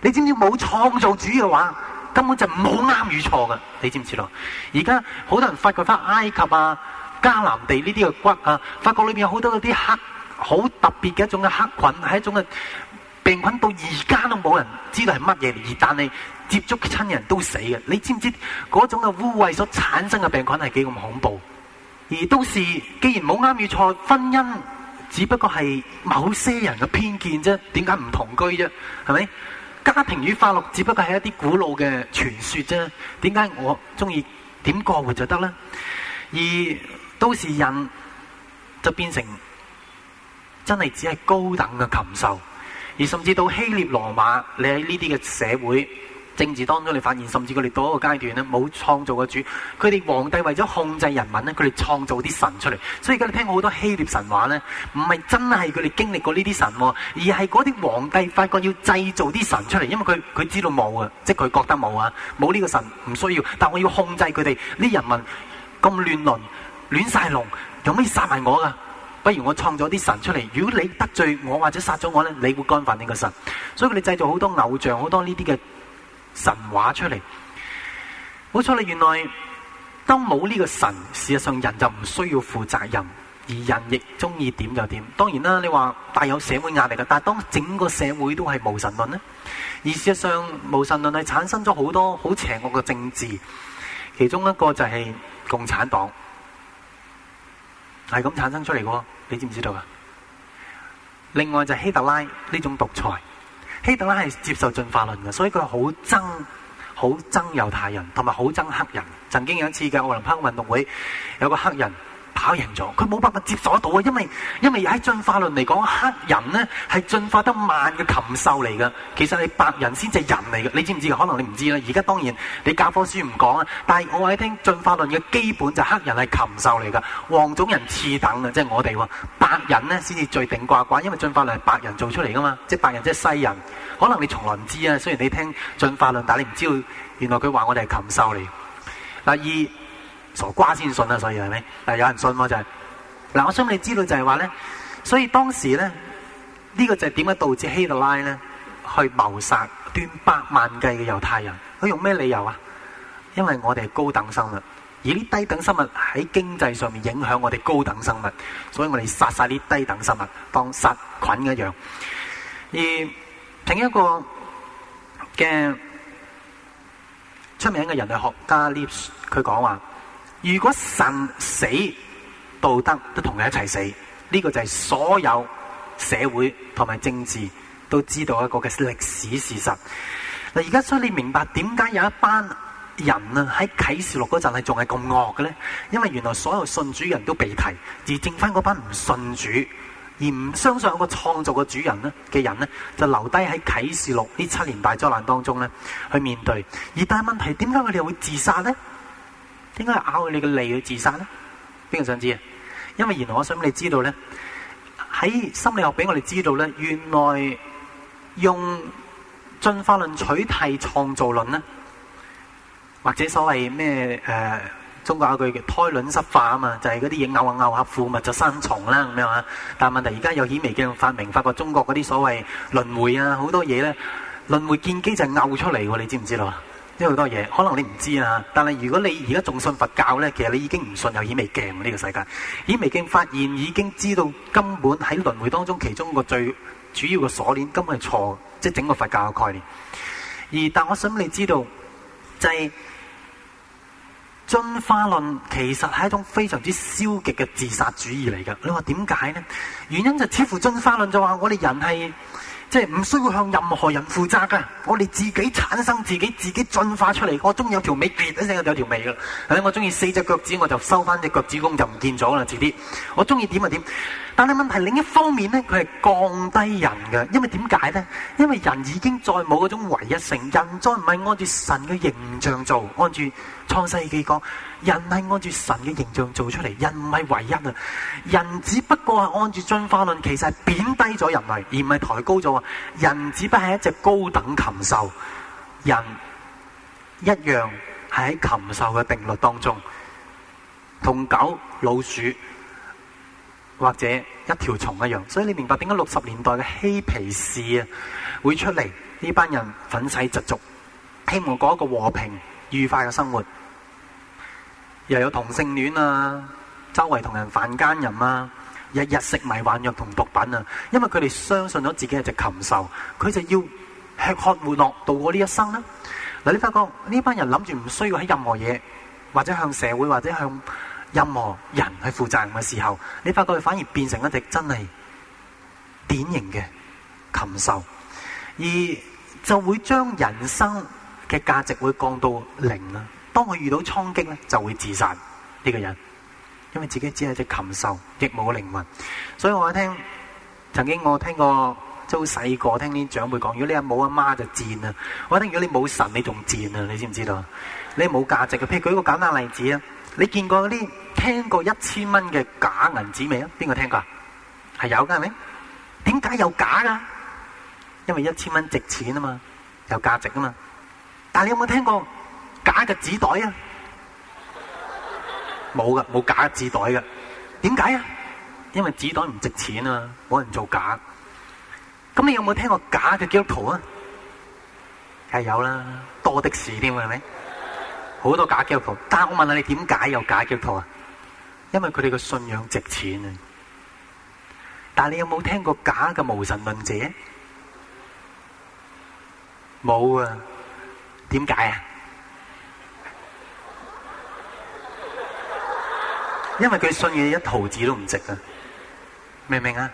你知唔知冇創造主嘅話，根本就唔好啱與錯噶。你知唔知道？而家好多人發掘翻埃及啊、迦南地呢啲嘅骨啊，發覺裏邊有好多嗰啲黑好特別嘅一種嘅黑菌，係一種嘅。病菌到而家都冇人知道係乜嘢，而但係接觸親人都死嘅，你知唔知嗰種嘅污穢所產生嘅病菌係幾咁恐怖？而都是既然冇啱與錯，婚姻只不過係某些人嘅偏見啫，點解唔同居啫？係咪？家庭與法律只不過係一啲古老嘅傳說啫，點解我中意點過活就得呢？而都是人就變成真係只係高等嘅禽獸。而甚至到希臘羅馬，你喺呢啲嘅社會政治當中，你發現甚至佢哋到一個階段咧，冇創造嘅主，佢哋皇帝為咗控制人民咧，佢哋創造啲神出嚟。所以而家你聽好多希臘神話咧，唔係真係佢哋經歷過呢啲神，而係嗰啲皇帝發覺要製造啲神出嚟，因為佢佢知道冇啊，即係佢覺得冇啊，冇呢個神唔需要，但我要控制佢哋啲人民咁亂倫，亂晒龍，有咩殺埋我噶？不如我創咗啲神出嚟。如果你得罪我或者殺咗我呢，你會干犯呢個神。所以佢哋製造好多偶像，好多呢啲嘅神話出嚟。冇錯啦，原來當冇呢個神，事實上人就唔需要負責任，而人亦中意點就點。當然啦，你話大有社會壓力噶。但係當整個社會都係無神論呢，而事實上無神論係產生咗好多好邪惡嘅政治。其中一個就係共產黨，係咁產生出嚟嘅。你知唔知道啊？另外就是希特拉呢種獨裁，希特拉係接受進化論嘅，所以佢好憎好憎猶太人，同埋好憎黑人。曾經有一次嘅奧林匹克運動會，有個黑人。跑贏咗，佢冇辦法接受得到啊！因為因為喺進化論嚟講，黑人呢係進化得慢嘅禽獸嚟噶，其實你白人先至係人嚟噶。你知唔知？可能你唔知啦。而家當然你教科書唔講啊，但係我話你聽進化論嘅基本就黑人係禽獸嚟噶，黃種人次等啊，即係我哋，白人呢先至最頂呱呱，因為進化論係白人做出嚟噶嘛，即係白人即係西人，可能你從來唔知啊。雖然你聽進化論，但係你唔知道原來佢話我哋係禽獸嚟嗱二。傻瓜先信啦，啊，所以係咪？但有人信喎，啊，就係、是、嗱，我想你知道就係話咧，所以當時咧呢，這個就係點樣導致希特拉咧去謀殺端百萬計嘅猶太人？佢用咩理由啊？因為我哋係高等生物，而啲低等生物喺經濟上面影響我哋高等生物，所以我哋殺殺啲低等生物，當殺菌一樣。而憑一個嘅出名嘅人類學家 Lips，佢講話。如果神死，道德都同佢一齊死，呢個就係所有社會同埋政治都知道一個嘅歷史事實。嗱，而家所以你明白點解有一班人啊喺啟示錄嗰陣係仲係咁惡嘅呢？因為原來所有信主人都被提，而剩翻嗰班唔信主而唔相信有個創造嘅主人咧嘅人呢，就留低喺啟示錄呢七年大災難當中呢去面對。而但係問題，點解佢哋會自殺呢？點解咬佢你個脷要自殺咧？邊個想知啊？因為原來我想俾你知道咧，喺心理學俾我哋知道咧，原來用進化論取代創造論咧，或者所謂咩誒，中國有句叫胎卵濕化啊嘛，就係嗰啲嘢咬下、啊、咬下、啊，腐物、啊、就生蟲啦咁樣啊。但係問題而家有顯微鏡發明，發覺中國嗰啲所謂輪迴啊，好多嘢咧，輪迴見機就拗出嚟，你知唔知道啊？有好多嘢，可能你唔知啊。但係如果你而家仲信佛教呢，其實你已經唔信有顯微鏡呢個世界。顯微鏡發現已經知道根本喺輪回當中，其中個最主要嘅鎖鏈根本係錯，即係整個佛教嘅概念。而但我想你知道，就係進化論其實係一種非常之消極嘅自殺主義嚟噶。你話點解呢？原因就似乎進化論就話我哋人係。即係唔需要向任何人負責噶我哋自己產生自己，自己進化出嚟。我中意有條尾撇一聲，我有條尾噶係我中意四隻腳趾，我就收翻隻腳趾公，就唔見咗啦。遲啲我中意點就點。但係問題另一方面呢，佢係降低人噶，因為點解呢？因為人已經再冇嗰種唯一性，人再唔係按住神嘅形象做，按住創世紀講。人係按住神嘅形象做出嚟，人唔係唯一啊！人只不過係按住進化論，其實係貶低咗人類，而唔係抬高咗啊！人只不過係一隻高等禽獸，人一樣係喺禽獸嘅定律當中，同狗、老鼠或者一條蟲一樣。所以你明白點解六十年代嘅嬉皮士啊，會出嚟呢班人憤世嫉俗，希望過一個和平愉快嘅生活。又有同性戀啊，周圍同人犯奸淫啊，日日食迷幻藥同毒品啊，因為佢哋相信咗自己係隻禽獸，佢就要吃喝玩樂度過呢一生啦、啊。嗱，你發覺呢班人諗住唔需要喺任何嘢，或者向社會或者向任何人去負責任嘅時候，你發覺佢反而變成一隻真係典型嘅禽獸，而就會將人生嘅價值會降到零啦、啊。當佢遇到衝擊咧，就會自殺呢個人，因為自己只係一隻禽獸，亦冇靈魂。所以我聽曾經我聽過，即係好細個聽啲長輩講，如果你阿冇阿媽就賤啦，我聽如果你冇神你仲賤啊！你知唔知道？你係冇價值嘅。譬如舉個簡單例子啊，你見過嗰啲聽過一千蚊嘅假銀紙未啊？邊個聽過啊？係有噶，係咪？點解有假噶？因為一千蚊值錢啊嘛，有價值啊嘛。但係你有冇聽過？假嘅紙袋啊，冇噶，冇假嘅紙袋噶。點解啊？因為紙袋唔值錢啊，冇人做假。咁你有冇聽過假嘅基督徒啊？梗係有啦，多的士添，係咪？好多假基督徒，但係我問下你，點解有假基督徒啊？因為佢哋嘅信仰值錢啊。但係你有冇聽過假嘅無神論者？冇啊。點解啊？因為佢信嘢一毫子都唔值啊！明唔明啊？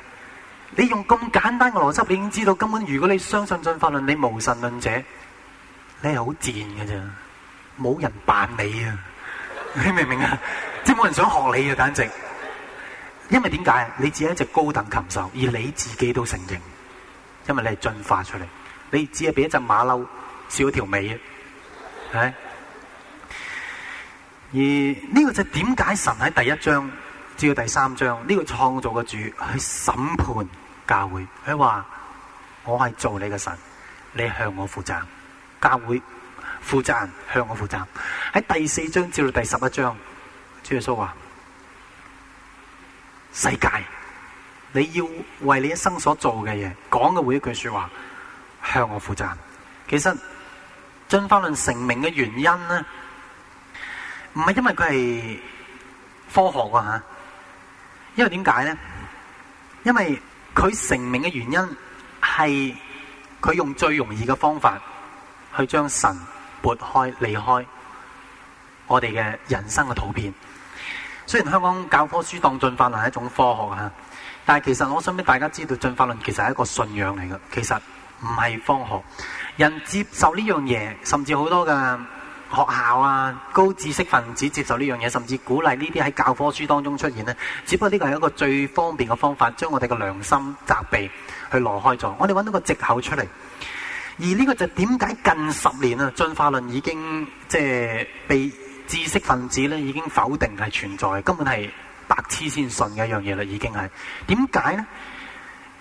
你用咁簡單嘅邏輯，你已經知道根本如果你相信進化論，你無神論者，你係好賤嘅啫！冇人扮你啊！你明唔明啊？即係冇人想學你啊！簡直！因為點解啊？你只係一隻高等禽獸，而你自己都承認，因為你係進化出嚟，你只係俾一隻馬騮少條尾啊！係。而呢個就點解神喺第一章照到第三章呢，這個創造嘅主去審判教會，佢話我係做你嘅神，你向我負責，教會負責人向我負責。喺第四章照到第十一章，主耶穌話世界，你要為你一生所做嘅嘢講嘅每一句說話向我負責。其實進化論成名嘅原因咧。唔係因為佢係科學啊吓，因為點解咧？因為佢成名嘅原因係佢用最容易嘅方法去將神撥開離開我哋嘅人生嘅圖片。雖然香港教科書當進化論係一種科學吓，但係其實我想俾大家知道，進化論其實係一個信仰嚟嘅，其實唔係科學。人接受呢樣嘢，甚至好多㗎。學校啊，高知識分子接受呢樣嘢，甚至鼓勵呢啲喺教科書當中出現呢，只不過呢個係一個最方便嘅方法，將我哋嘅良心責備去挪開咗，我哋揾到個藉口出嚟。而呢個就點解近十年啊，進化論已經即係被知識分子咧已經否定係存在，根本係白痴先信嘅一樣嘢啦，已經係點解呢？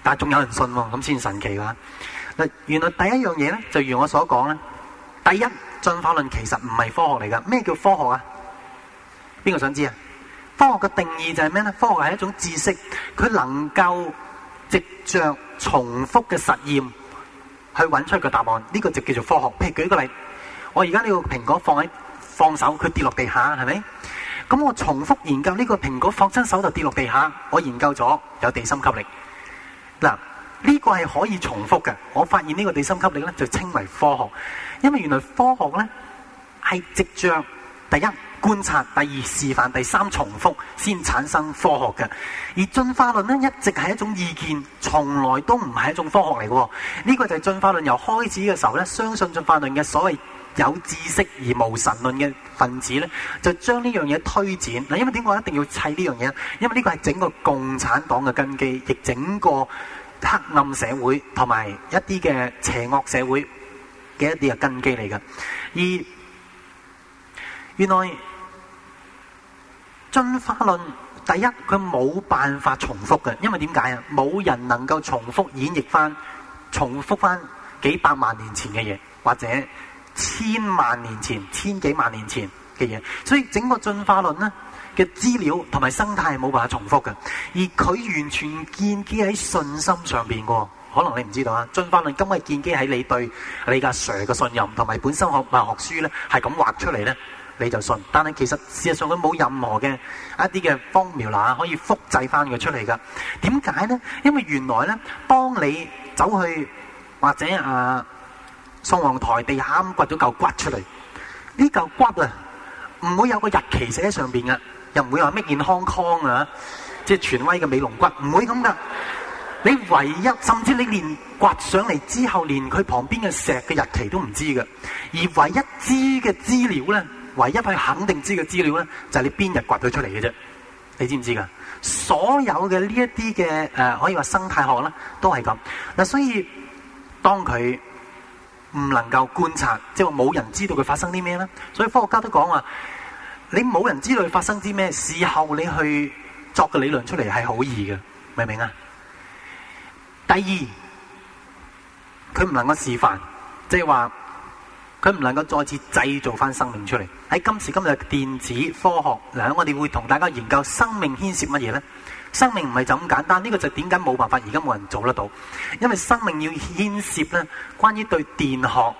但仲有人信喎、啊，咁先神奇㗎。嗱，原來第一樣嘢呢，就如我所講呢。第一。進化論其實唔係科學嚟噶。咩叫科學啊？邊個想知啊？科學嘅定義就係咩呢？科學係一種知識，佢能夠藉着重複嘅實驗去揾出一個答案，呢個就叫做科學。譬如舉一個例，我而家呢個蘋果放喺放手，佢跌落地下，係咪？咁我重複研究呢個蘋果放親手就跌落地下，我研究咗有地心吸力。嗱，呢個係可以重複嘅，我發現呢個地心吸力咧，就稱為科學。因為原來科學呢係直將第一觀察，第二示範，第三重複先產生科學嘅。而進化論呢，一直係一種意見，從來都唔係一種科學嚟嘅。呢個就係進化論由開始嘅時候呢，相信進化論嘅所謂有知識而無神論嘅分子呢，就將呢樣嘢推展嗱。因為點解一定要砌呢樣嘢？因為呢個係整個共產黨嘅根基，亦整個黑暗社會同埋一啲嘅邪惡社會嘅一啲嘅根基嚟噶，而原來進化論第一佢冇辦法重複嘅，因為點解啊？冇人能夠重複演繹返、重複返幾百萬年前嘅嘢，或者千萬年前、千幾萬年前嘅嘢，所以整個進化論咧嘅資料同埋生態係冇辦法重複嘅，而佢完全建基喺信心上邊噶。可能你唔知道啊！《進化論》今日建基喺你對你嘅 Sir 嘅信任同埋本身學唔係學書咧，係咁畫出嚟咧，你就信。但係其實事實上佢冇任何嘅一啲嘅荒謬嗱，可以複製翻佢出嚟噶。點解咧？因為原來咧，當你走去或者啊，宋王台地下咁掘咗嚿骨出嚟，呢嚿骨啊，唔會有個日期寫喺上邊嘅，又唔會話咩 Made in Hong Kong 啊，即係權威嘅美龍骨唔會咁㗎。你唯一甚至你連掘上嚟之後，連佢旁邊嘅石嘅日期都唔知嘅，而唯一知嘅資料咧，唯一佢肯定知嘅資料咧，就係、是、你邊日掘佢出嚟嘅啫。你知唔知噶？所有嘅呢一啲嘅誒，可以話生態學咧，都係咁。嗱，所以當佢唔能夠觀察，即係話冇人知道佢發生啲咩咧，所以科學家都講話：你冇人知道佢發生啲咩，事後你去作個理論出嚟係好易嘅，明唔明啊？第二，佢唔能夠示範，即係話佢唔能夠再次製造翻生命出嚟。喺今時今日電子科學，嗱我哋會同大家研究生命牽涉乜嘢咧？生命唔係就咁簡單，呢個就點解冇辦法而家冇人做得到？因為生命要牽涉咧，關於對電學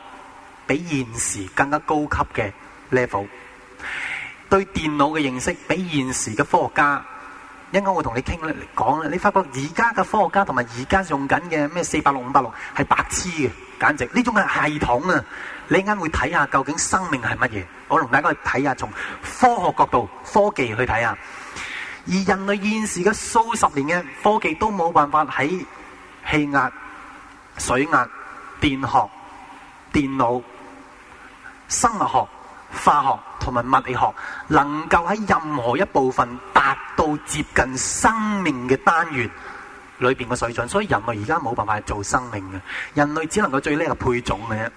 比現時更加高級嘅 level，對電腦嘅認識比現時嘅科學家。一陣我同你傾啦，講啦，你發覺而家嘅科學家同埋而家用緊嘅咩四百六、五百六係白痴嘅，簡直呢種係系統啊！你一陣會睇下究竟生命係乜嘢。我同大家去睇下，從科學角度、科技去睇下。而人類現時嘅數十年嘅科技都冇辦法喺氣壓、水壓、電學、電腦、生物學、化學。同埋物理學能夠喺任何一部分達到接近生命嘅單元裏邊嘅水準，所以人類而家冇辦法做生命嘅，人類只能夠最叻係配種嘅啫，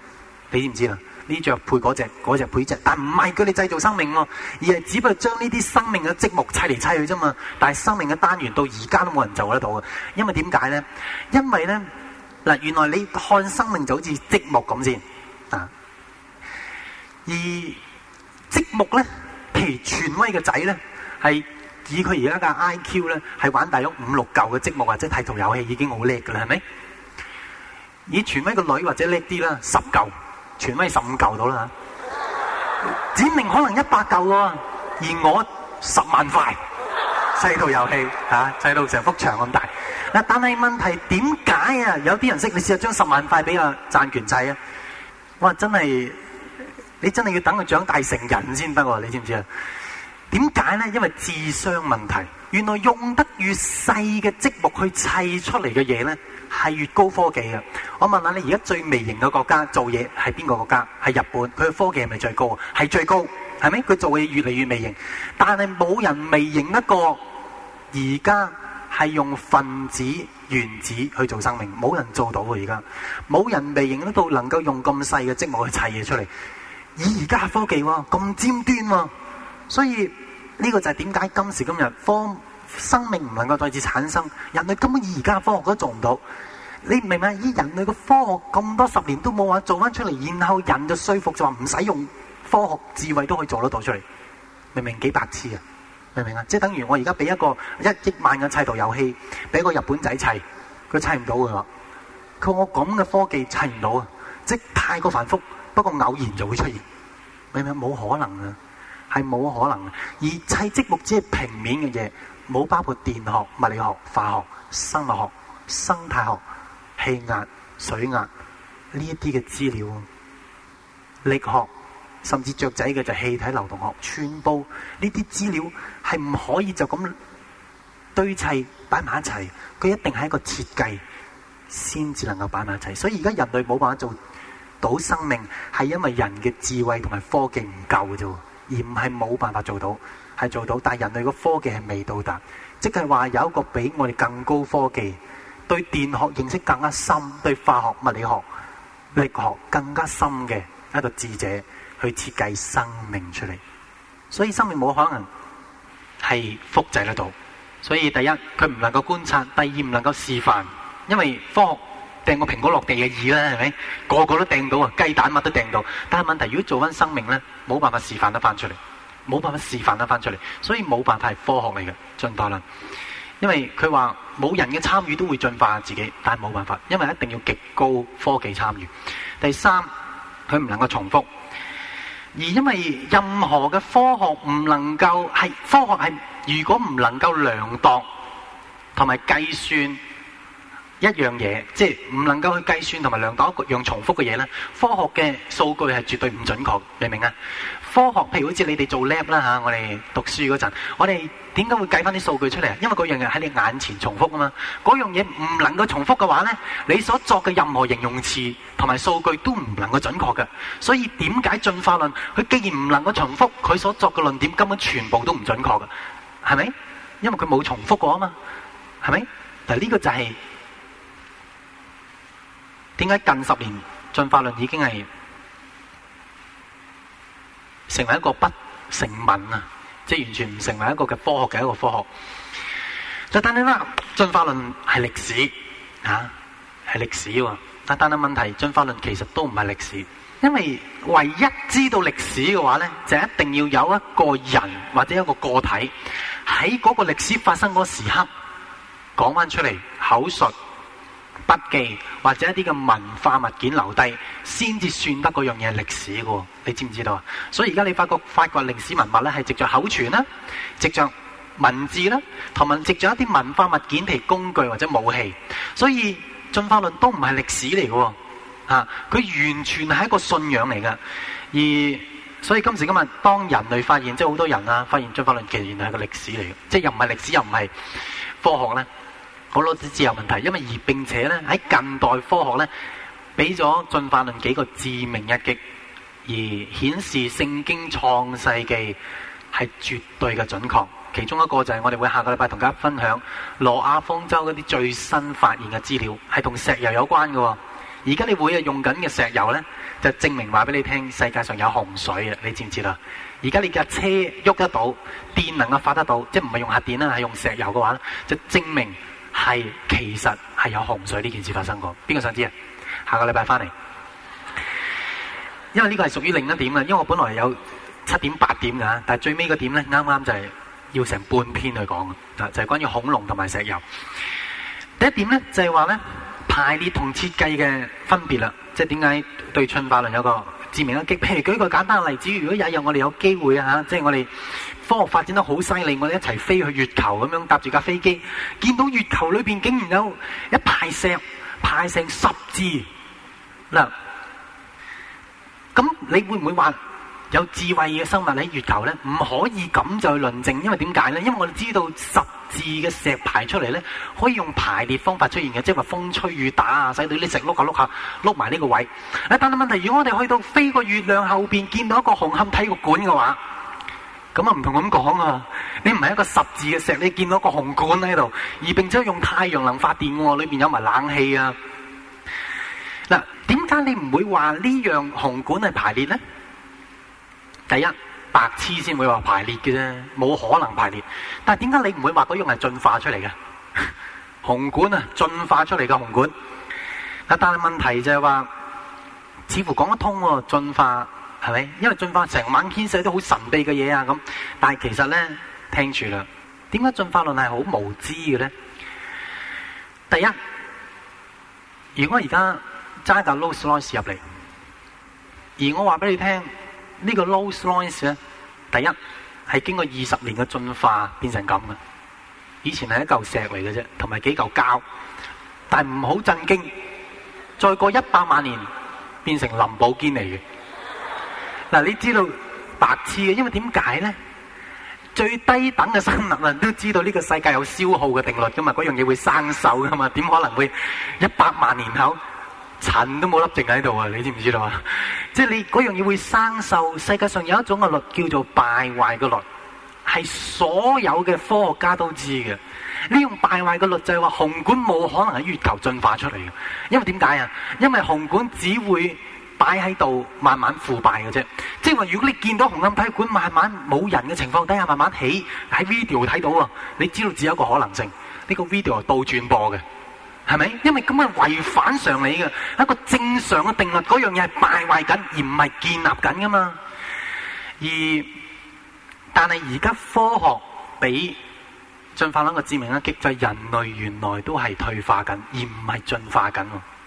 你知唔知啊？呢隻配嗰隻，嗰隻配隻，但唔係佢哋製造生命，而係只不過將呢啲生命嘅積木砌嚟砌去啫嘛。但係生命嘅單元到而家都冇人做得到嘅，因為點解咧？因為咧嗱，原來你看生命就好似積木咁先啊，而。積木咧，譬如全威嘅仔咧，係以佢而家嘅 I Q 咧，係玩大咗五六舊嘅積木或者睇圖遊戲已經好叻噶啦，係咪？以全威個女或者叻啲啦，十舊，全威十五舊到啦吓。子明可能一百舊喎，而我十萬塊砌圖遊戲吓，砌、啊、到成幅牆咁大。嗱、啊，但係問題點解啊？有啲人識，你試下將十萬塊俾阿贊權仔啊！哇，真係～你真係要等佢長大成人先得喎，你知唔知啊？點解呢？因為智商問題。原來用得越細嘅積木去砌出嚟嘅嘢呢，係越高科技啊！我問下你，而家最微型嘅國家做嘢係邊個國家？係日本，佢嘅科技係咪最高啊？係最高，係咪？佢做嘢越嚟越微型，但係冇人微型得過。而家係用分子、原子去做生命，冇人做到。而家冇人微型得到，能夠用咁細嘅積木去砌嘢出嚟。以而家科技喎、啊、咁尖端喎、啊，所以呢、這個就係點解今時今日科生命唔能夠再次產生，人類根本以而家嘅科學都做唔到。你唔明咩？以人類嘅科學咁多十年都冇話做翻出嚟，然後人就說服就話唔使用科學智慧都可以做得到出嚟，明唔明幾百次啊！明唔明啊？即係等於我而家俾一個億一億萬嘅砌圖遊戲，俾個日本仔砌，佢砌唔到嘅。佢話我咁嘅科技砌唔到啊，即係太過繁複。不過偶然就會出現，明唔明？冇可能啊，係冇可能。而砌積木只係平面嘅嘢，冇包括電學、物理學、化學、生物學、生態學、氣壓、水壓呢一啲嘅資料。力學甚至雀仔嘅就氣體流動學，全部呢啲資料係唔可以就咁堆砌擺埋一齊，佢一定係一個設計先至能夠擺埋一齊。所以而家人類冇辦法做。到生命係因為人嘅智慧同埋科技唔夠啫，而唔係冇辦法做到，係做到，但係人類嘅科技係未到達，即係話有一個比我哋更高科技，對電學認識更加深，對化學、物理學、力學更加深嘅一個智者去設計生命出嚟，所以生命冇可能係複製得到。所以第一，佢唔能夠觀察，第二唔能夠示範，因為科學。掟個蘋果落地嘅二啦，係咪？個個都掟到啊，雞蛋乜都掟到。但係問題，如果做翻生命呢，冇辦法示範得翻出嚟，冇辦法示範得翻出嚟，所以冇辦法係科學嚟嘅進化啦。因為佢話冇人嘅參與都會進化自己，但係冇辦法，因為一定要極高科技參與。第三，佢唔能夠重複。而因為任何嘅科學唔能夠係科學係，如果唔能夠量度同埋計算。一樣嘢，即係唔能夠去計算同埋量到一樣重複嘅嘢咧。科學嘅數據係絕對唔準確，明唔明啊？科學，譬如好似你哋做 lab 啦吓，我哋讀書嗰陣，我哋點解會計翻啲數據出嚟啊？因為嗰樣嘢喺你眼前重複啊嘛。嗰樣嘢唔能夠重複嘅話呢，你所作嘅任何形容詞同埋數據都唔能夠準確嘅。所以點解進化論佢既然唔能夠重複，佢所作嘅論點根本全部都唔準確嘅，係咪？因為佢冇重複過啊嘛，係咪？嗱，呢個就係。點解近十年進化論已經係成為一個不成文啊，即係完全唔成為一個嘅科學嘅一個科學。就單單話進化論係歷史嚇係歷史喎，但單單問題，進化論其實都唔係歷史，因為唯一知道歷史嘅話咧，就係一定要有一個人或者一個個體喺嗰個歷史發生嗰時刻講翻出嚟口述筆記或者一啲嘅文化物件留低，先至算得嗰樣嘢係歷史噶。你知唔知道？所以而家你發覺發掘歷史文物咧，係藉着口傳啦，藉着文字啦，同埋藉着一啲文化物件，譬如工具或者武器。所以進化論都唔係歷史嚟噶，啊，佢完全係一個信仰嚟噶。而所以今時今日，當人類發現，即係好多人啊，發現進化論其實原來係個歷史嚟嘅，即係又唔係歷史，又唔係科學咧。好多啲自由問題，因為而並且呢，喺近代科學呢，俾咗進化論幾個致命一擊，而顯示聖經創世記係絕對嘅準確。其中一個就係我哋會下個禮拜同大家分享羅亞方舟嗰啲最新發現嘅資料，係同石油有關嘅喎。而家你每日用緊嘅石油呢，就證明話俾你聽世界上有洪水啊！你知唔知啦？而家你架車喐得到，電能夠發得到，即係唔係用核電啦？係用石油嘅話咧，就證明。係其實係有洪水呢件事發生過，邊個想知啊？下個禮拜翻嚟，因為呢個係屬於另一點啦。因為我本來有七點八點噶，但係最尾個點咧，啱啱就係要成半篇去講噶，就係、是、關於恐龍同埋石油。第一點咧就係話咧排列同設計嘅分別啦，即係點解對進化論有一個致命嘅擊？譬如舉一個簡單嘅例子，如果有日我哋有機會吓，即係我哋。科學發展得好犀利，我哋一齊飛去月球咁樣搭住架飛機，見到月球裏邊竟然有一排石，排成十字嗱。咁、啊、你會唔會話有智慧嘅生物喺月球呢？唔可以咁就去論證，因為點解呢？因為我哋知道十字嘅石排出嚟呢，可以用排列方法出現嘅，即係話風吹雨打輪輪輪輪輪輪輪啊，使到啲石碌下碌下碌埋呢個位。但係問題，如果我哋去到飛過月亮後邊，見到一個紅磡體育館嘅話，咁啊，唔同咁講啊！你唔係一個十字嘅石，你見到個紅管喺度，而並且用太陽能發電喎，裏面有埋冷氣啊！嗱，點解你唔會話呢樣紅管係排列咧？第一，白痴先會話排列嘅啫，冇可能排列。但係點解你唔會話嗰樣係進化出嚟嘅 紅管啊？進化出嚟嘅紅管。但係問題就係話，似乎講得通喎、啊，進化。係咪？因為進化成晚牽涉都好神秘嘅嘢啊咁，但係其實咧聽住啦，點解進化論係好無知嘅咧？第一，如果而家揸架 Rolls-Royce 入嚟，而我話俾你聽、這個、呢個 Rolls-Royce 咧，第一係經過二十年嘅進化變成咁嘅，以前係一嚿石嚟嘅啫，同埋幾嚿膠，但係唔好震驚，再過一百萬年變成林寶堅尼嚟嘅。嗱，你知道白痴嘅，因為點解咧？最低等嘅生物啊，都知道呢個世界有消耗嘅定律噶嘛，嗰樣嘢會生銹噶嘛，點可能會一百萬年後塵都冇粒剩喺度啊？你知唔知道啊？即 係你嗰樣嘢會生銹，世界上有一種嘅律叫做敗壞嘅律，係所有嘅科學家都知嘅。呢種敗壞嘅律就係話紅館冇可能喺月球進化出嚟嘅，因為點解啊？因為紅館只會。擺喺度，慢慢腐敗嘅啫。即係話，如果你見到紅磡體育館慢慢冇人嘅情況底下慢慢起，喺 video 睇到啊，你知道只有一個可能性，呢個 video 係倒轉播嘅，係咪？因為咁樣違反常理嘅，一個正常嘅定律，嗰樣嘢係敗壞緊，而唔係建立緊噶嘛。而但係而家科學俾進化論嘅致命一擊，即係人類原來都係退化緊，而唔係進化緊。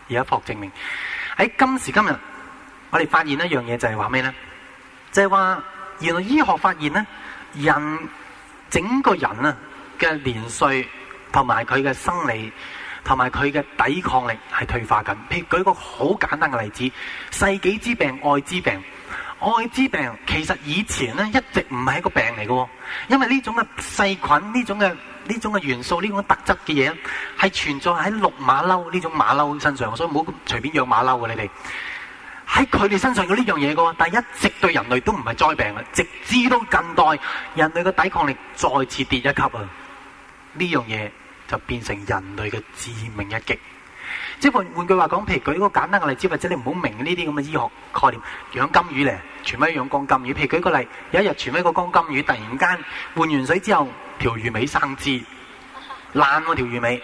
而家科學證明喺今時今日。我哋發現一樣嘢就係話咩咧？就係、是、話原來醫學發現咧，人整個人啊嘅年歲同埋佢嘅生理同埋佢嘅抵抗力係退化緊。譬如舉個好簡單嘅例子，世紀之病艾滋病，艾滋病其實以前咧一直唔係一個病嚟嘅，因為呢種嘅細菌，呢種嘅、呢種嘅元素、呢種嘅特質嘅嘢，係存在喺綠馬騮呢種馬騮身上，所以唔好咁隨便養馬騮啊！你哋。喺佢哋身上有呢樣嘢噶，但係一直對人類都唔係災病啦。直至到近代，人類嘅抵抗力再次跌一級啊！呢樣嘢就變成人類嘅致命一擊。即係換句話講，譬如舉一個簡單嘅例子，或者你唔好明呢啲咁嘅醫學概念。養金魚咧，全蚊養缸金魚。譬如舉個例，有一日全蚊個缸金魚突然間換完水之後，條魚尾生枝爛啊條魚尾。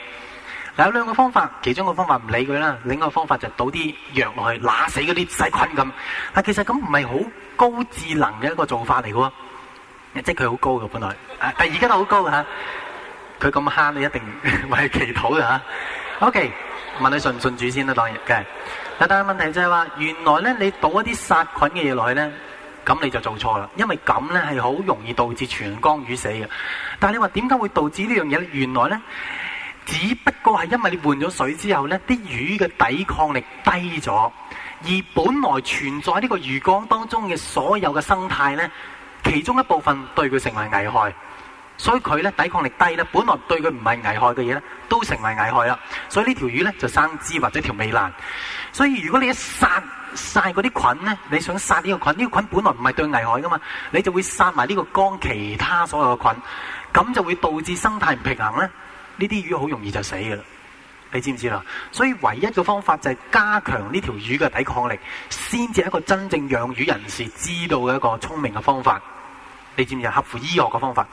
有兩個方法，其中一個方法唔理佢啦，另外一個方法就倒啲藥落去，嗱死嗰啲細菌咁。但其實咁唔係好高智能嘅一個做法嚟嘅喎，即係佢好高嘅本來，但而家都好高㗎。佢咁慳，你一定係祈禱嘅㗎。OK，問你信唔信主先啦，當然嘅。但係問題就係話，原來咧你倒一啲殺菌嘅嘢落去咧，咁你就做錯啦，因為咁咧係好容易導致全缸魚死嘅。但係你話點解會導致呢樣嘢咧？原來咧。只不過係因為你換咗水之後呢啲魚嘅抵抗力低咗，而本來存在呢個魚缸當中嘅所有嘅生態呢其中一部分對佢成為危害，所以佢呢抵抗力低呢本來對佢唔係危害嘅嘢呢都成為危害啦。所以呢條魚呢就生枝或者條尾爛。所以如果你一殺晒嗰啲菌呢你想殺呢個菌，呢個菌本來唔係對危害噶嘛，你就會殺埋呢個缸其他所有嘅菌，咁就會導致生態唔平衡咧。呢啲魚好容易就死㗎啦，你知唔知啦？所以唯一嘅方法就係加強呢條魚嘅抵抗力，先至一個真正養魚人士知道嘅一個聰明嘅方法。你知唔知？合乎醫學嘅方法。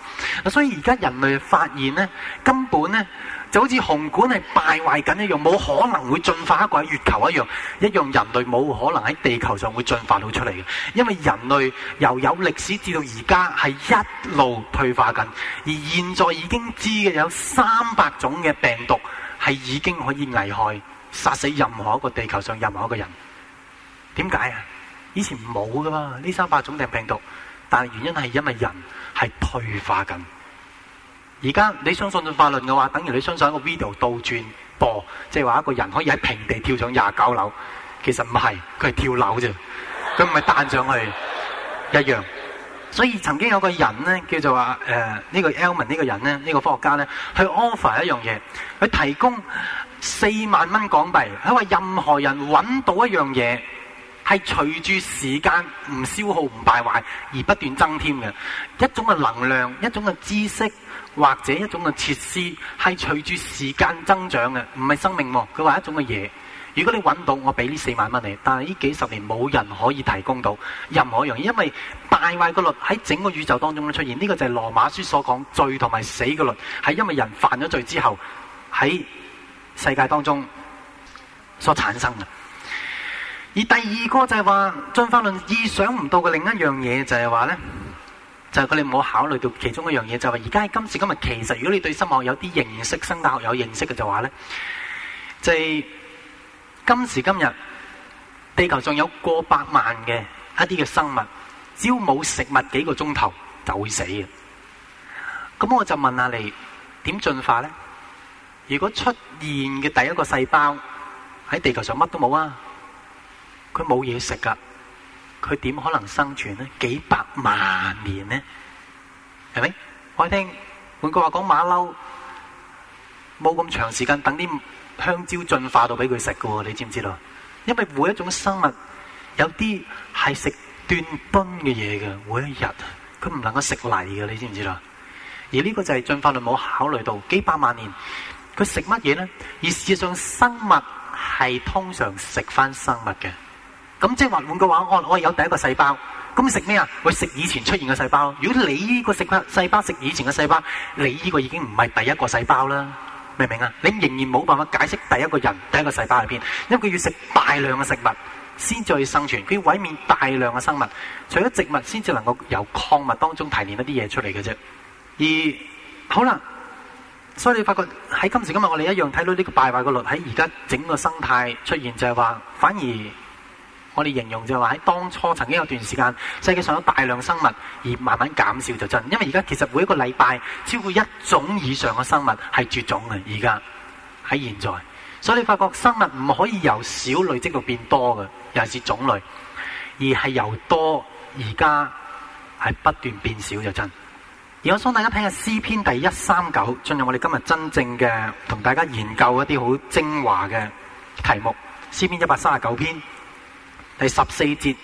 啊，所以而家人類發現呢，根本呢。就好似紅館係敗壞緊一樣，冇可能會進化一個月球一樣，一樣人類冇可能喺地球上會進化到出嚟嘅，因為人類由有歷史至到而家係一路退化緊，而現在已經知嘅有三百種嘅病毒係已經可以危害、殺死任何一個地球上任何一個人。點解啊？以前冇噶嘛，呢三百種定病毒，但係原因係因為人係退化緊。而家你相信《進化論》嘅話，等於你相信一個 video 倒轉播，即係話一個人可以喺平地跳上廿九樓，其實唔係，佢係跳樓啫，佢唔係彈上去，一樣。所以曾經有個人，呃這個，個人呢，叫做話誒呢個 Elman 呢個人咧，呢個科學家呢，去 offer 一樣嘢，佢提供四萬蚊港幣，佢話任何人揾到一樣嘢，係隨住時間唔消耗、唔敗壞而不斷增添嘅一種嘅能量，一種嘅知識。或者一種嘅設施係隨住時間增長嘅，唔係生命喎。佢話一種嘅嘢，如果你揾到，我俾呢四萬蚊你。但係呢幾十年冇人可以提供到任何一樣嘢，因為敗壞個律喺整個宇宙當中出現。呢、這個就係羅馬書所講罪同埋死嘅律，係因為人犯咗罪之後喺世界當中所產生嘅。而第二個就係話，進化論意想唔到嘅另一樣嘢就係話呢。就係佢哋冇考慮到其中一樣嘢，就係話而家今時今日，其實如果你對生物有啲認識，生態學有認識嘅就話咧，就係今時今日，地球上有過百萬嘅一啲嘅生物，只要冇食物幾個鐘頭就會死嘅。咁我就問下你，點進化咧？如果出現嘅第一個細胞喺地球上乜都冇啊，佢冇嘢食噶。佢點可能生存呢？幾百萬年呢？係咪？我聽，換句話講，馬騮冇咁長時間等啲香蕉進化到俾佢食噶喎？你知唔知道？因為每一種生物有啲係食斷根嘅嘢嘅，每一日佢唔能夠食泥嘅，你知唔知道？而呢個就係進化論冇考慮到幾百萬年佢食乜嘢呢？而事實上，生物係通常食翻生物嘅。咁即係話換嘅話，我我有第一個細胞，咁食咩啊？會食以前出現嘅細胞。如果你呢個食粒細胞食以前嘅細胞，你呢個已經唔係第一個細胞啦，明唔明啊？你仍然冇辦法解釋第一個人、第一個細胞喺邊？因為佢要食大量嘅食物先再去生存，佢要毀滅大量嘅生物，除咗植物先至能夠由礦物當中提煉一啲嘢出嚟嘅啫。而好啦，所以你發覺喺今時今日，我哋一樣睇到呢個敗壞嘅律喺而家整個生態出現就，就係話反而。我哋形容，就話喺當初曾經有段時間，世界上有大量生物，而慢慢減少就真，因為而家其實每一個禮拜超過一種以上嘅生物係絕種嘅，而家喺現在，所以你發覺生物唔可以由少累積到變多嘅，尤其是種類，而係由多而家係不斷變少就真。而我想大家睇下詩篇第一三九，進入我哋今日真正嘅同大家研究一啲好精華嘅題目，詩篇一百三十九篇。第十四節，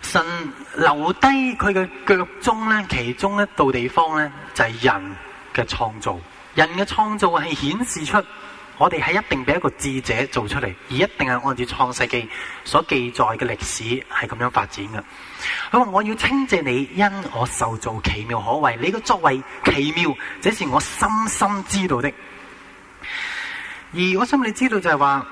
神留低佢嘅腳蹤，咧，其中一到地方咧就係人嘅創造，人嘅創造係顯示出我哋係一定俾一個智者做出嚟，而一定係按照創世記所記載嘅歷史係咁樣發展嘅。佢話我要稱謝你，因我受造奇妙可畏，你嘅作為奇妙，這是我深深知道的。而我心裏你知道就係話，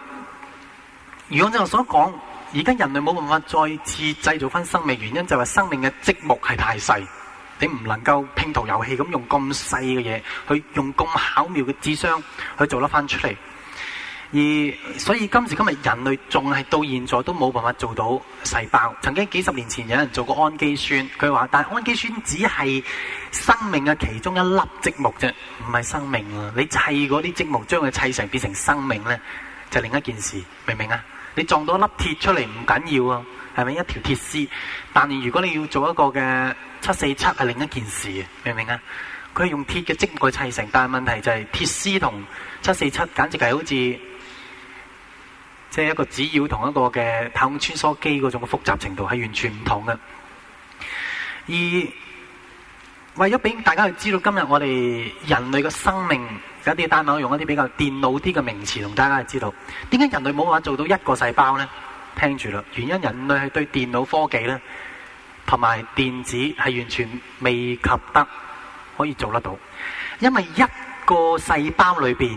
如我今日所講。而家人類冇辦法再次製造翻生命，原因就係生命嘅積木係太細，你唔能夠拼圖遊戲咁用咁細嘅嘢去用咁巧妙嘅智商去做得翻出嚟。而所以今時今日人類仲係到現在都冇辦法做到細胞。曾經幾十年前有人做過氨基酸，佢話，但係氨基酸只係生命嘅其中一粒積木啫，唔係生命啊！你砌嗰啲積木，將佢砌成變成生命呢，就另一件事，明唔明啊？你撞到一粒鐵出嚟唔緊要啊，係咪一條鐵絲？但係如果你要做一個嘅七四七，係另一件事，明唔明啊？佢係用鐵嘅積木砌成，但係問題就係鐵絲同七四七簡直係好似即係一個紙鷂同一個嘅太空穿梭機嗰種嘅複雜程度係完全唔同嘅。而為咗俾大家去知道，今日我哋人類嘅生命。有啲單文用一啲比較電腦啲嘅名詞，同大家去知道點解人類冇辦法做到一個細胞咧？聽住啦，原因人類係對電腦科技咧同埋電子係完全未及得可以做得到，因為一個細胞裏邊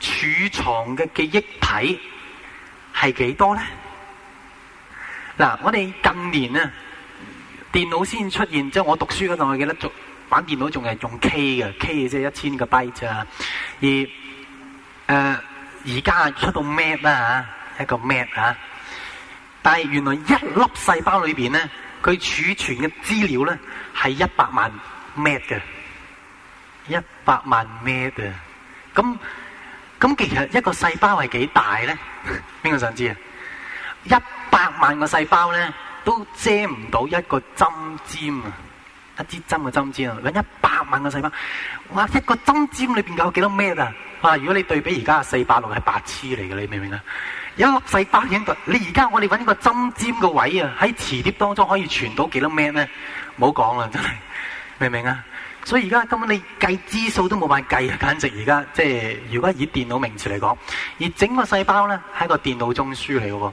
儲藏嘅記憶體係幾多咧？嗱，我哋近年啊電腦先出現，即係我讀書嗰陣，我記得做。玩電腦仲係用 K 嘅，K 嘅即係一千個 byte 咋。而誒而家出到 mat 啦吓，一個 mat 啊。但係原來一粒細胞裏邊咧，佢儲存嘅資料咧係一百萬 mat 嘅，一百萬 mat 啊！咁咁其實一個細胞係幾大咧？邊 個想知啊？一百萬個細胞咧都遮唔到一個針尖啊！一支針嘅針尖啊，一百萬個細胞，哇！一個針尖裏邊有幾多咩啊？哇！如果你對比而家四百六係白痴嚟嘅，你明唔明啊？有一粒細胞影個，你而家我哋搵個針尖嘅位啊，喺磁碟當中可以傳到幾多咩咧？唔好講啦，真係，明唔明啊？所以而家根本你計支數都冇辦法計啊！簡直而家即係，如果以電腦名詞嚟講，而整個細胞咧係一個電腦中樞嚟嘅。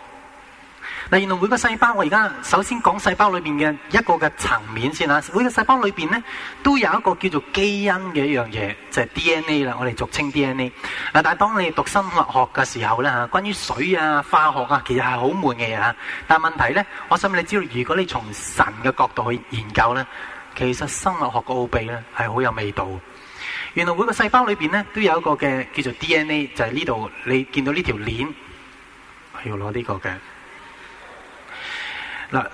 嗱，原來每個細胞，我而家首先講細胞裏面嘅一個嘅層面先啦。每個細胞裏邊咧，都有一個叫做基因嘅一樣嘢，就係 DNA 啦。我哋俗稱 DNA。嗱，但係當你讀生物學嘅時候咧，啊，關於水啊、化學啊，其實係好悶嘅嘢啊。但係問題咧，我希望你知道，如果你從神嘅角度去研究咧，其實生物學嘅奧秘咧係好有味道。原來每個細胞裏邊咧都有一個嘅叫做 DNA，就係呢度你見到呢條鏈，係要攞呢個嘅。嗱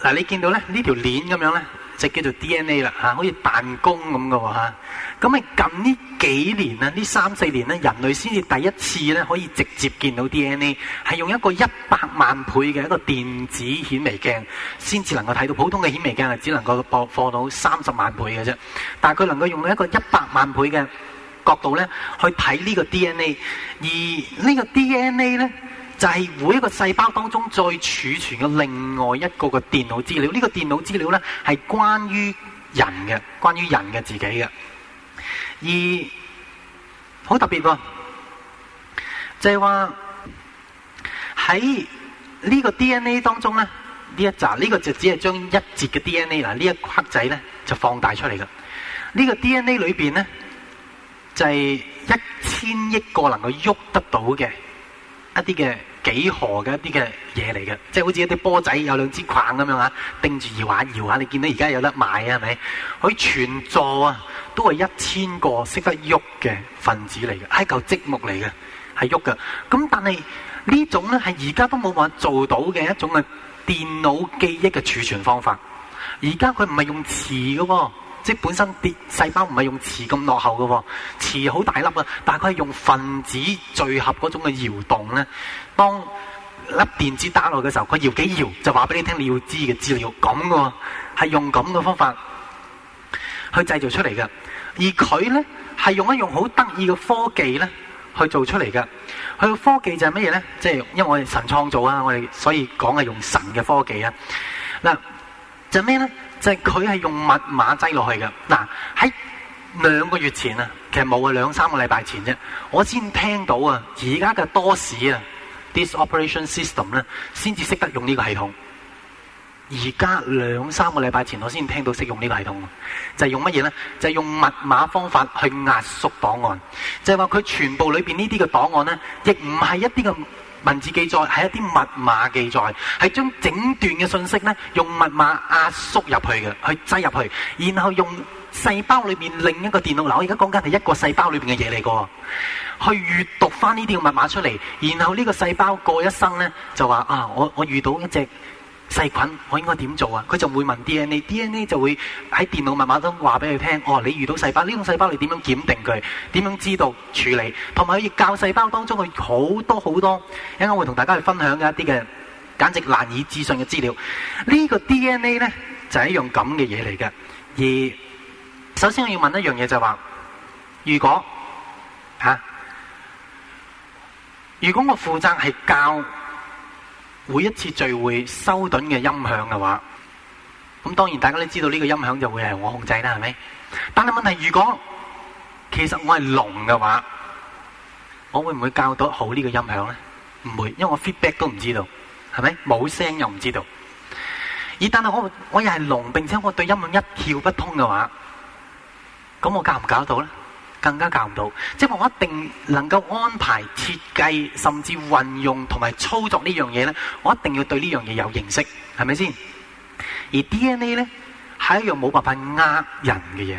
嗱，你見到咧呢條鏈咁樣咧，就叫做 DNA 啦嚇，好似彈弓咁嘅喎嚇。咁近呢幾年啊，呢三四年咧，人類先至第一次咧可以直接見到 DNA，係用一個一百萬倍嘅一個電子顯微鏡先至能夠睇到。普通嘅顯微鏡係只能夠播放到三十萬倍嘅啫。但係佢能夠用到一個一百萬倍嘅角度咧，去睇呢個 DNA，而呢個 DNA 咧。就係每一個細胞當中再儲存嘅另外一個嘅電腦資料，呢、這個電腦資料咧係關於人嘅，關於人嘅自己嘅。而好特別，就係話喺呢個 DNA 當中咧，呢一集呢個就只係將一節嘅 DNA 嗱呢一刻仔咧就放大出嚟噶。這個、裏呢個 DNA 裏邊咧就係、是、一千億個能夠喐得到嘅。一啲嘅幾何嘅一啲嘅嘢嚟嘅，即係好似一啲波仔有兩支棒咁樣啊，定住搖下搖下，你見到而家有得買啊，係咪？佢全座啊，都係一千個識得喐嘅分子嚟嘅，係嚿積木嚟嘅，係喐嘅。咁但係呢種咧係而家都冇辦法做到嘅一種嘅電腦記憶嘅儲存方法。而家佢唔係用詞嘅。即本身啲細胞唔係用磁咁落後嘅、哦，磁好大粒啊！但係佢係用分子聚合嗰種嘅搖動咧，當粒電子打落嘅時候，佢搖幾搖就話俾你聽，你要知嘅資料咁嘅，係、哦、用咁嘅方法去製造出嚟嘅。而佢咧係用一用好得意嘅科技咧去做出嚟嘅。佢嘅科技就係乜嘢咧？即、就、係、是、因為我哋神創造啊，我哋所以講係用神嘅科技啊。嗱，就咩、是、咧？就係佢係用密碼擠落去嘅。嗱，喺兩個月前啊，其實冇啊，兩三個禮拜前啫，我先聽到啊。而家嘅多士啊，this operation system 咧，先至識得用呢個系統。而家兩三個禮拜前，我先聽到識用呢個系統，就係用乜嘢咧？就係用密碼方法去壓縮檔案。就係話佢全部裏邊呢啲嘅檔案咧，亦唔係一啲嘅。文字記載係一啲密碼記載，係將整段嘅信息呢用密碼壓縮入去嘅，去擠入去，然後用細胞裏面另一個電腦，嗱，我而家講緊係一個細胞裏面嘅嘢嚟個，去閲讀翻呢啲密碼出嚟，然後呢個細胞過一生呢，就話啊，我我遇到一隻。細菌我應該點做啊？佢就會問 DNA，DNA DNA 就會喺電腦密碼中話俾佢聽。哦，你遇到細胞呢種細胞，你點樣檢定佢？點樣知道處理？同埋可以教細胞當中佢好多好多。一陣間我會同大家去分享一啲嘅，簡直難以置信嘅資料。這個、呢個 DNA 咧就係、是、一樣咁嘅嘢嚟嘅。而首先我要問一樣嘢就係、是、話，如果嚇、啊，如果我負責係教。每一次聚會收頓嘅音響嘅話，咁當然大家都知道呢個音響就會係我控制啦，係咪？但係問題，如果其實我係聾嘅話，我會唔會教到好呢個音響咧？唔會，因為我 feedback 都唔知道，係咪冇聲又唔知道？而但係我我又係聾，並且我對音響一竅不通嘅話，咁我教唔教到咧？更加教唔到，即係我一定能夠安排設計，甚至運用同埋操作呢樣嘢呢，我一定要對呢樣嘢有認識，係咪先？而 DNA 呢係一樣冇辦法呃人嘅嘢，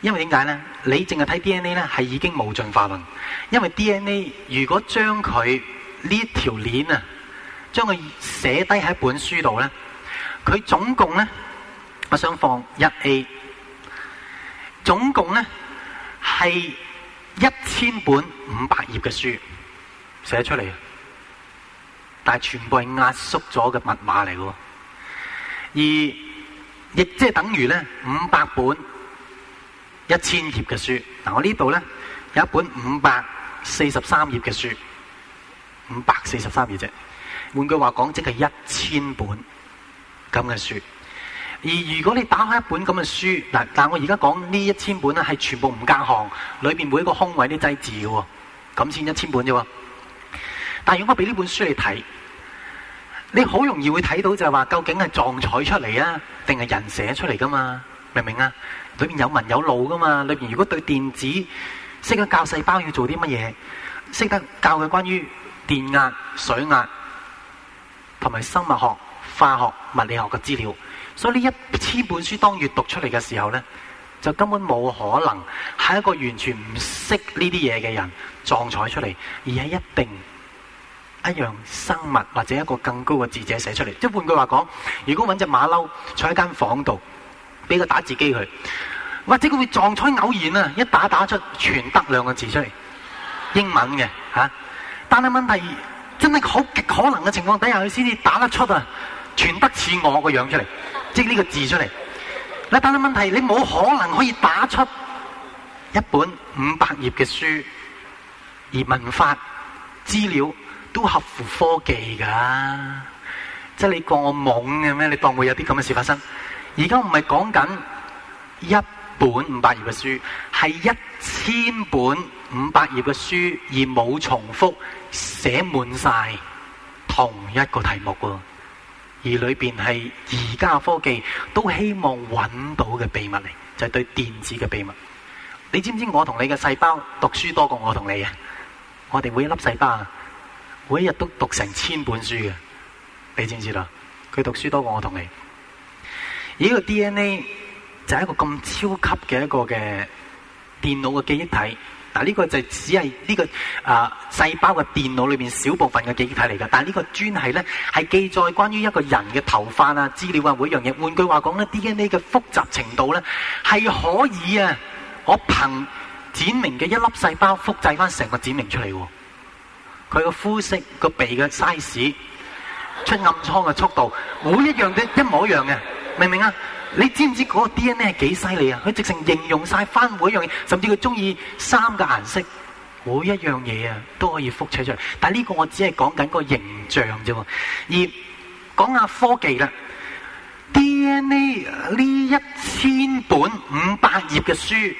因為點解呢？你淨係睇 DNA 呢，係已經冇進化論，因為 DNA 如果將佢呢一條鏈啊，將佢寫低喺本書度呢，佢總共呢，我想放一 A，總共呢。係一千本五百頁嘅書寫出嚟，但係全部係壓縮咗嘅密碼嚟嘅，而亦即係等於咧五百本一千頁嘅書。嗱，我呢度咧有一本五百四十三頁嘅書，五百四十三頁啫。換句話講，即係一千本咁嘅書。而如果你打開一本咁嘅書，嗱，但係我而家講呢一千本咧係全部唔間行，裏面每一個空位都擠字嘅喎，咁先一千本啫喎。但係如果俾呢本書你睇，你好容易會睇到就係話究竟係撞彩出嚟啊，定係人寫出嚟噶嘛？明唔明啊？裏面有文有路噶嘛？裏邊如果對電子識得教細胞要做啲乜嘢，識得教佢關於電壓、水壓同埋生物學、化學、物理學嘅資料。所以呢一千本書當閲讀出嚟嘅時候咧，就根本冇可能係一個完全唔識呢啲嘢嘅人撞彩出嚟，而係一定一樣生物或者一個更高嘅智者寫出嚟。即係換句話講，如果揾隻馬騮坐喺間房度，俾佢打字機佢，或者佢會撞彩偶然啊一打打出「全德」兩個字出嚟，英文嘅嚇、啊。但係問題真係好極可能嘅情況底下，佢先至打得出啊，全德似我個樣出嚟。即呢個字出嚟，嗱但係問題，你冇可能可以打出一本五百頁嘅書，而文法資料都合乎科技噶，即係你當我懵嘅咩？你當會有啲咁嘅事發生？而家唔係講緊一本五百頁嘅書，係一千本五百頁嘅書，而冇重複寫滿晒同一個題目噶。而裏邊係而家科技都希望揾到嘅秘密嚟，就係、是、對電子嘅秘密。你知唔知我同你嘅細胞讀書多過我同你啊？我哋每一粒細胞啊，每一日都讀成千本書嘅。你知唔知啦？佢讀書多過我同你。依個 DNA 就係一個咁超級嘅一個嘅電腦嘅記憶體。嗱，呢個就只係呢個啊細胞嘅電腦裏面小部分嘅記憶體嚟㗎，但係呢個專係咧係記載關於一個人嘅頭髮啊、資料啊每一樣嘢。換句話講咧，DNA 嘅複雜程度咧係可以啊，我憑展明嘅一粒細胞複製翻成個展明出嚟喎。佢個膚色、個鼻嘅 size、出暗瘡嘅速度，每一樣都一模一樣嘅，明唔明啊？你知唔知嗰個 DNA 係幾犀利啊？佢直情形容晒翻每一樣嘢，甚至佢中意三個顏色，每一樣嘢啊都可以複取出嚟。但係呢個我只係講緊個形象啫。而講下科技啦 ，DNA 呢一千本五百頁嘅書，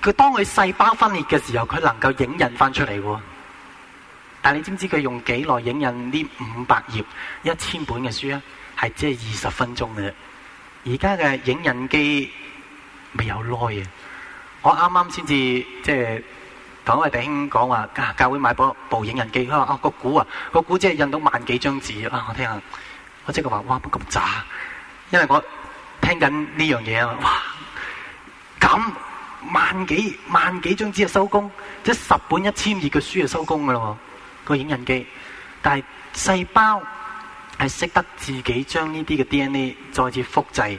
佢當佢細胞分裂嘅時候，佢能夠影印翻出嚟。但係你知唔知佢用幾耐影印呢五百頁一千本嘅書啊？係即係二十分鐘嘅。而家嘅影印機未有耐啊，我啱啱先至即係同一位弟兄講話，教教會買部部影印機，佢話啊個鼓啊個鼓，即係印到萬幾張紙啊！我聽下，我即刻話哇咁渣，因為我聽緊呢樣嘢啊嘛，哇咁萬幾萬幾張紙就收工，即係十本一千二嘅書就收工噶啦，個影印機，但係細胞。係識得自己將呢啲嘅 DNA 再次複製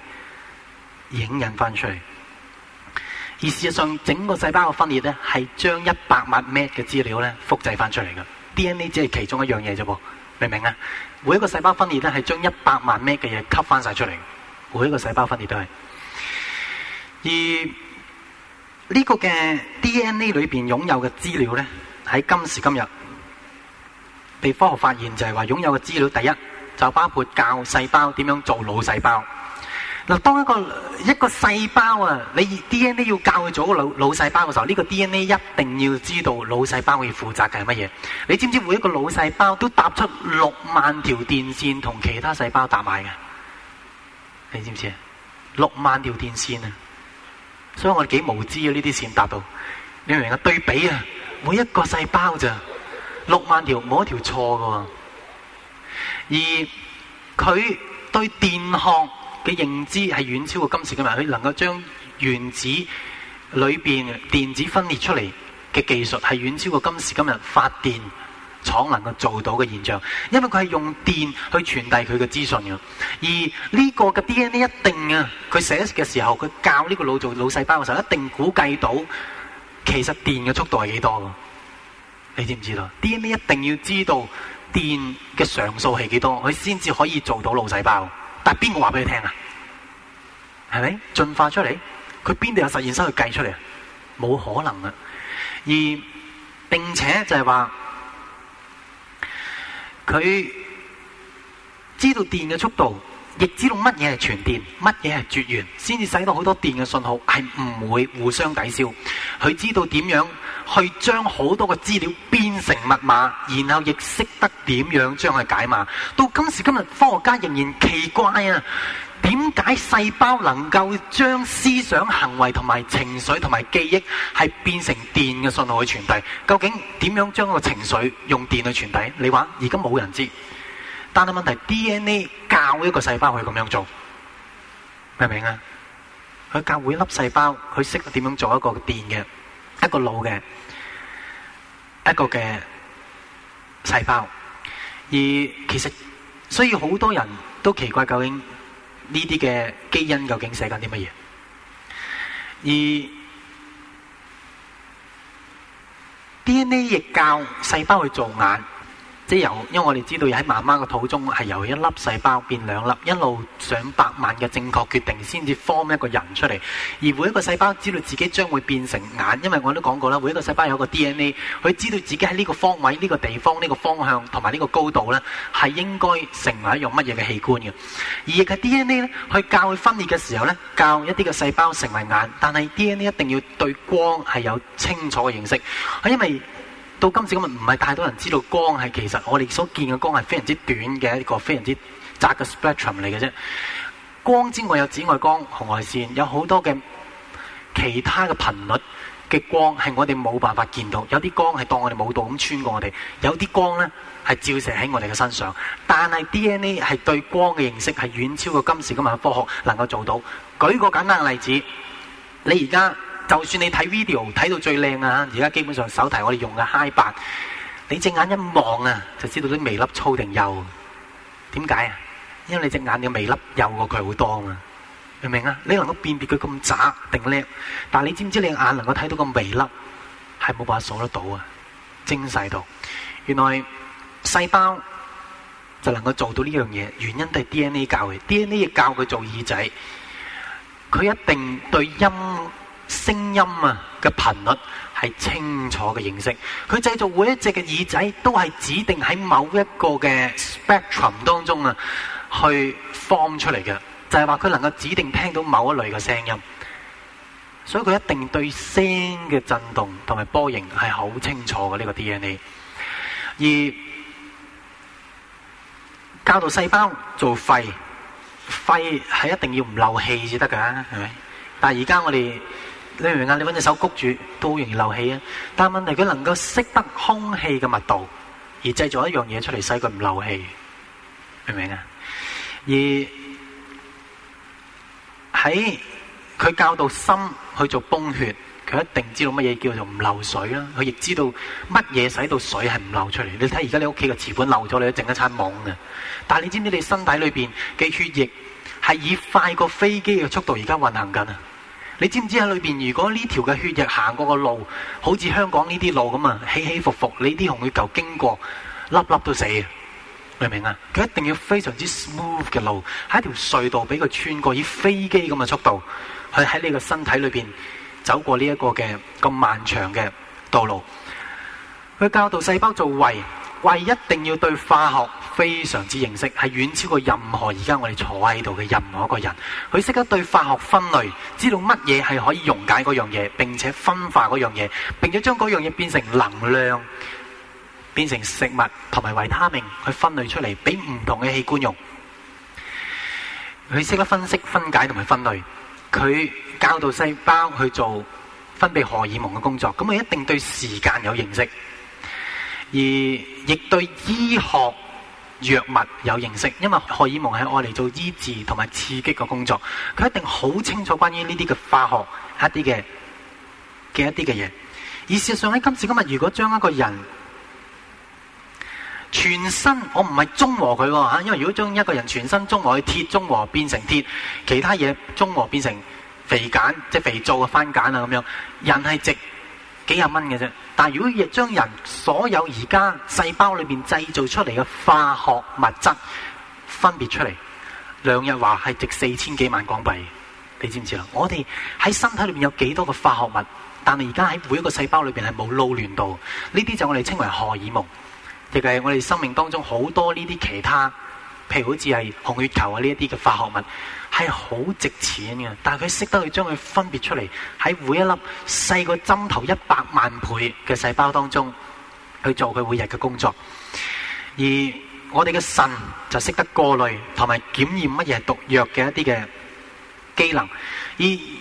影印翻出嚟，而事實上整個細胞嘅分裂咧，係將一百萬咩嘅資料咧複製翻出嚟噶。DNA 只係其中一樣嘢啫噃，明唔明啊？每一個細胞分裂咧係將一百萬咩嘅嘢吸翻晒出嚟，每一個細胞分裂都係。而呢、這個嘅 DNA 裏邊擁有嘅資料咧，喺今時今日被科學發現就係話擁有嘅資料，第一。就包括教細胞點樣做腦細胞嗱，當一個一個細胞啊，你 D N A 要教佢做個腦腦細胞嘅時候，呢個 D N A 一定要知道腦細胞會負責嘅係乜嘢。你知唔知每一個腦細胞都搭出六萬條電線同其他細胞搭埋嘅？你知唔知啊？六萬條電線啊！所以我哋幾無知啊！呢啲線搭到，你明唔明啊？對比啊，每一個細胞咋六萬條，冇一條錯㗎喎。而佢對電學嘅認知係遠超過今時今日，佢能夠將原子裡邊電子分裂出嚟嘅技術係遠超過今時今日發電廠能夠做到嘅現象。因為佢係用電去傳遞佢嘅資訊嘅，而呢個嘅 DNA 一定啊，佢寫嘅時候，佢教呢個腦做腦細胞嘅時候，一定估計到其實電嘅速度係幾多噶？你知唔知道，DNA 一定要知道。電嘅常數係幾多？佢先至可以做到腦細胞。但係邊個話俾佢聽啊？係咪進化出嚟？佢邊度有實驗室去計出嚟？冇可能啊！而並且就係話佢知道電嘅速度。亦知道乜嘢係傳電，乜嘢係絕緣，先至使到好多電嘅信號係唔會互相抵消。佢知道點樣去將好多個資料變成密碼，然後亦識得點樣將佢解碼。到今時今日，科學家仍然奇怪啊，點解細胞能夠將思想、行為同埋情緒同埋記憶係變成電嘅信號去傳遞？究竟點樣將個情緒用電去傳遞？你話，而家冇人知。但係問題，DNA 教一個細胞去咁樣做，明唔明啊？佢教每粒細胞佢識得點樣做一個電嘅，一個腦嘅，一個嘅細胞。而其實，所以好多人都奇怪，究竟呢啲嘅基因究竟寫緊啲乜嘢？而 DNA 亦教細胞去做眼。即係由，因為我哋知道喺媽媽嘅肚中係由一粒細胞變兩粒，一路上百萬嘅正確決定先至 form 一個人出嚟。而每一個細胞知道自己將會變成眼，因為我都講過啦，每一個細胞有個 D N A，佢知道自己喺呢個方位、呢個地方、呢個方向同埋呢個高度呢，係應該成為一種乜嘢嘅器官嘅。而個 D N A 呢，去教佢分裂嘅時候呢，教一啲嘅細胞成為眼，但係 D N A 一定要對光係有清楚嘅認識，因為。到今時今日，唔係太多人知道光係其實我哋所見嘅光係非常之短嘅一個非常之窄嘅 spectrum 嚟嘅啫。光之外有紫外光、紅外線，有好多嘅其他嘅頻率嘅光係我哋冇辦法見到，有啲光係當我哋冇到咁穿過我哋，有啲光呢係照射喺我哋嘅身上。但係 DNA 係對光嘅認識係遠超過今時今日嘅科學能夠做到。舉個簡單嘅例子，你而家。就算你睇 video 睇到最靚啊，而家基本上手提我哋用嘅 Hi 八，你隻眼一望啊，就知道啲微粒粗定幼。點解啊？因為你隻眼嘅微粒幼過佢好多啊，明唔明啊？你能夠辨別佢咁渣定叻，但係你知唔知你眼能夠睇到個微粒係冇辦法數得到啊？精細到，原來細胞就能夠做到呢樣嘢，原因都係 D N A 教嘅，D N A 要教佢做耳仔，佢一定對音。聲音啊嘅頻率係清楚嘅認識，佢製造每一隻嘅耳仔都係指定喺某一個嘅 spectrum 當中啊，去 form 出嚟嘅，就係話佢能夠指定聽到某一類嘅聲音，所以佢一定對聲嘅震動同埋波形係好清楚嘅呢個 DNA。而教導細胞做肺，肺係一定要唔漏氣先得噶，係咪？但係而家我哋。你明唔明啊？你搵隻手谷住都容易漏氣啊！但係問題，佢能夠識得空氣嘅密度，而製造一樣嘢出嚟，使佢唔漏氣，明唔明啊？而喺佢教到心去做泵血，佢一定知道乜嘢叫做唔漏水啦。佢亦知道乜嘢使到水係唔漏出嚟。你睇而家你屋企嘅瓷盤漏咗，你整一餐懵嘅。但係你知唔知你身體裏邊嘅血液係以快過飛機嘅速度而家運行緊啊？你知唔知喺裏邊？如果呢條嘅血液行過個路，好似香港呢啲路咁啊，起起伏伏，你啲紅血球經過，粒粒都死啊！你明唔明啊？佢一定要非常之 smooth 嘅路，喺一條隧道俾佢穿過，以飛機咁嘅速度去喺你個身體裏邊走過呢一個嘅咁漫長嘅道路，佢教導細胞做胃。為一定要對化學非常之認識，係遠超過任何而家我哋坐喺度嘅任何一個人。佢識得對化學分類，知道乜嘢係可以溶解嗰樣嘢，並且分化嗰樣嘢，並且將嗰樣嘢變成能量，變成食物同埋維他命去分類出嚟，俾唔同嘅器官用。佢識得分析、分解同埋分類。佢教導細胞去做分泌荷爾蒙嘅工作，咁佢一定對時間有認識。而亦對醫學藥物有認識，因為荷爾蒙係愛嚟做醫治同埋刺激嘅工作，佢一定好清楚關於呢啲嘅化學一啲嘅嘅一啲嘅嘢。而事實上喺今時今日，如果將一個人全身，我唔係中和佢喎嚇，因為如果將一個人全身中和，去鐵中和變成鐵，其他嘢中和變成肥鹼，即係肥皂嘅番鹼啊咁樣，人係直幾廿蚊嘅啫，但係如果亦將人所有而家細胞裏面製造出嚟嘅化學物質分別出嚟，兩日話係值四千幾萬港幣，你知唔知啊？我哋喺身體裏面有幾多個化學物，但係而家喺每一個細胞裏邊係冇撈亂到，呢啲就我哋稱為荷爾蒙，亦係我哋生命當中好多呢啲其他。譬如好似係紅血球啊呢一啲嘅化學物，係好值錢嘅，但係佢識得去將佢分別出嚟，喺每一粒細過針頭一百萬倍嘅細胞當中去做佢每日嘅工作。而我哋嘅腎就識得過濾同埋檢驗乜嘢毒藥嘅一啲嘅機能。依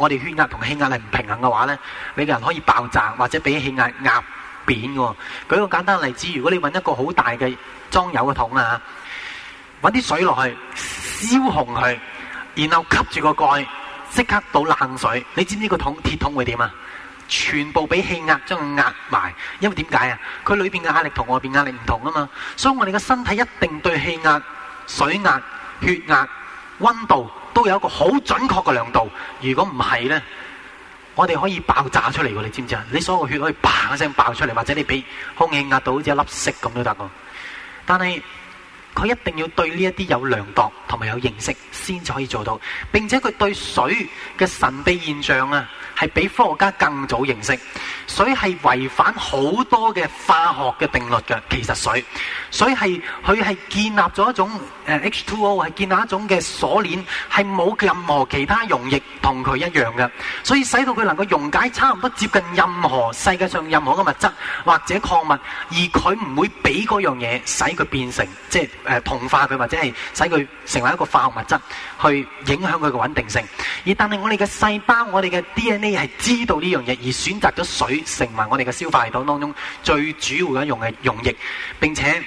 我哋血壓同氣壓力唔平衡嘅話呢，你個人可以爆炸或者俾氣壓壓扁嘅。舉個簡單例子，如果你揾一個好大嘅裝油嘅桶啊，揾啲水落去燒紅佢，然後吸住個蓋，即刻倒冷水，你知唔知個桶鐵桶會點啊？全部俾氣壓將佢壓埋，因為點解啊？佢裏邊嘅壓力同外邊壓力唔同啊嘛，所以我哋嘅身體一定對氣壓、水壓、血壓、溫度，都有一個好準確嘅量度，如果唔係呢，我哋可以爆炸出嚟嘅，你知唔知啊？你所有嘅血可以嘭一聲爆出嚟，或者你俾空氣壓到好似一粒石咁都得嘅，但係。佢一定要對呢一啲有量度同埋有認識先至可以做到。並且佢對水嘅神秘現象啊，係比科學家更早認識。水係違反好多嘅化學嘅定律嘅。其實水，水係佢係建立咗一種誒 H2O 係建立一種嘅鎖鏈，係冇任何其他溶液同佢一樣嘅。所以使到佢能夠溶解差唔多接近任何世界上任何嘅物質或者礦物，而佢唔會俾嗰樣嘢使佢變成即誒，同化佢或者係使佢成為一個化學物質，去影響佢嘅穩定性。而但係我哋嘅細胞，我哋嘅 DNA 係知道呢樣嘢，而選擇咗水成為我哋嘅消化系統當中最主要嘅用嘅溶液，並且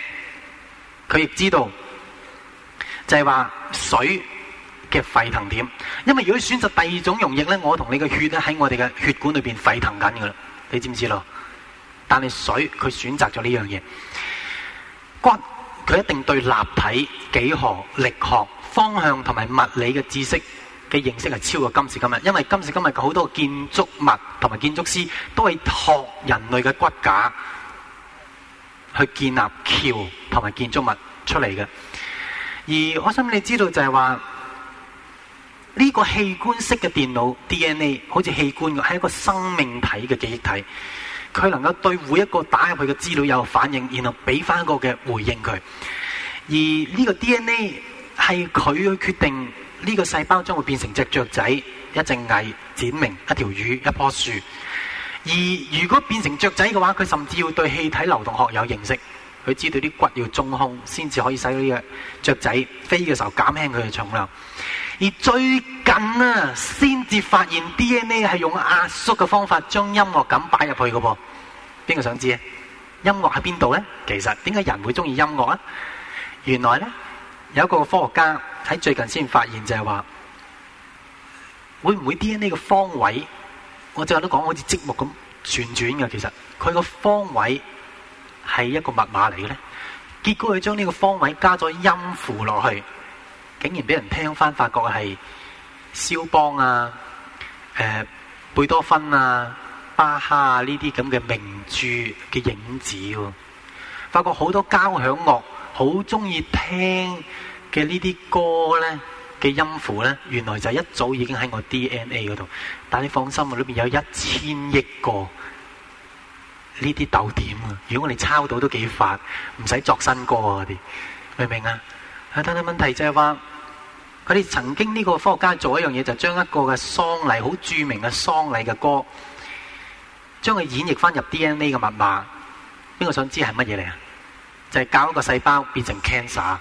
佢亦知道就係話水嘅沸騰點。因為如果選擇第二種溶液咧，我同你嘅血咧喺我哋嘅血管裏邊沸騰緊噶啦，你知唔知咯？但係水佢選擇咗呢樣嘢，關。佢一定對立體幾何、力學、方向同埋物理嘅知識嘅認識係超過今時今日，因為今時今日好多建築物同埋建築師都係托人類嘅骨架去建立橋同埋建築物出嚟嘅。而我想你知道就係話呢個器官式嘅電腦 DNA 好似器官㗎，係一個生命體嘅記憶體。佢能夠對每一個打入去嘅資料有反應，然後俾翻一個嘅回應佢。而呢個 DNA 係佢去決定呢個細胞將會變成隻雀仔、一隻蟻、展明一條魚、一棵樹。而如果變成雀仔嘅話，佢甚至要對氣體流動學有認識。佢知道啲骨要中空，先至可以使到呢隻雀仔飛嘅時候減輕佢嘅重量。而最近啊，先至發現 DNA 係用壓縮嘅方法將音樂咁擺入去嘅噃。邊個想知啊？音樂喺邊度咧？其實點解人會中意音樂啊？原來咧有一個科學家喺最近先發現就係話，會唔會 DNA 嘅方位？我正話都講好似積木咁旋轉嘅，其實佢個方位。係一個密碼嚟嘅咧，結果佢將呢個方位加咗音符落去，竟然俾人聽翻，發覺係肖邦啊、誒、呃、貝多芬啊、巴哈啊呢啲咁嘅名著嘅影子。發覺好多交響樂好中意聽嘅呢啲歌咧嘅音符咧，原來就一早已經喺我 DNA 嗰度。但係你放心啊，裏邊有一千億個。呢啲豆點啊！如果我哋抄到都幾快，唔使作新歌啊！我哋明唔明啊？啊，但係問題就係、是、話，佢哋曾經呢個科學家做一樣嘢，就將、是、一個嘅喪禮好著名嘅喪禮嘅歌，將佢演繹翻入 DNA 嘅密碼。邊個想知係乜嘢嚟啊？就係搞一個細胞變成 cancer。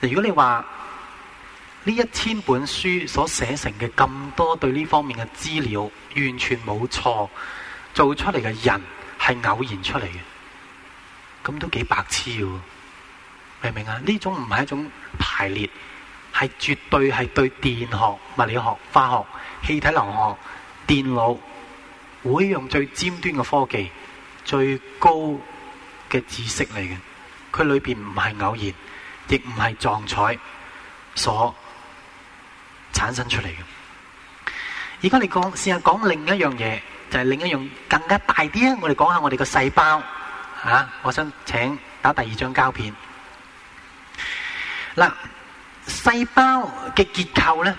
如果你話，呢一千本書所寫成嘅咁多對呢方面嘅資料，完全冇錯，做出嚟嘅人係偶然出嚟嘅，咁都幾白痴嘅，明唔明啊？呢種唔係一種排列，係絕對係對電學、物理學、化學、氣體能學、電腦，會用最尖端嘅科技、最高嘅知識嚟嘅，佢裏邊唔係偶然，亦唔係撞彩所。產生出嚟嘅。而家你講，試下講另一樣嘢，就係、是、另一樣更加大啲啊！我哋講下我哋個細胞啊，我想請打第二張膠片。嗱、啊，細胞嘅結構咧，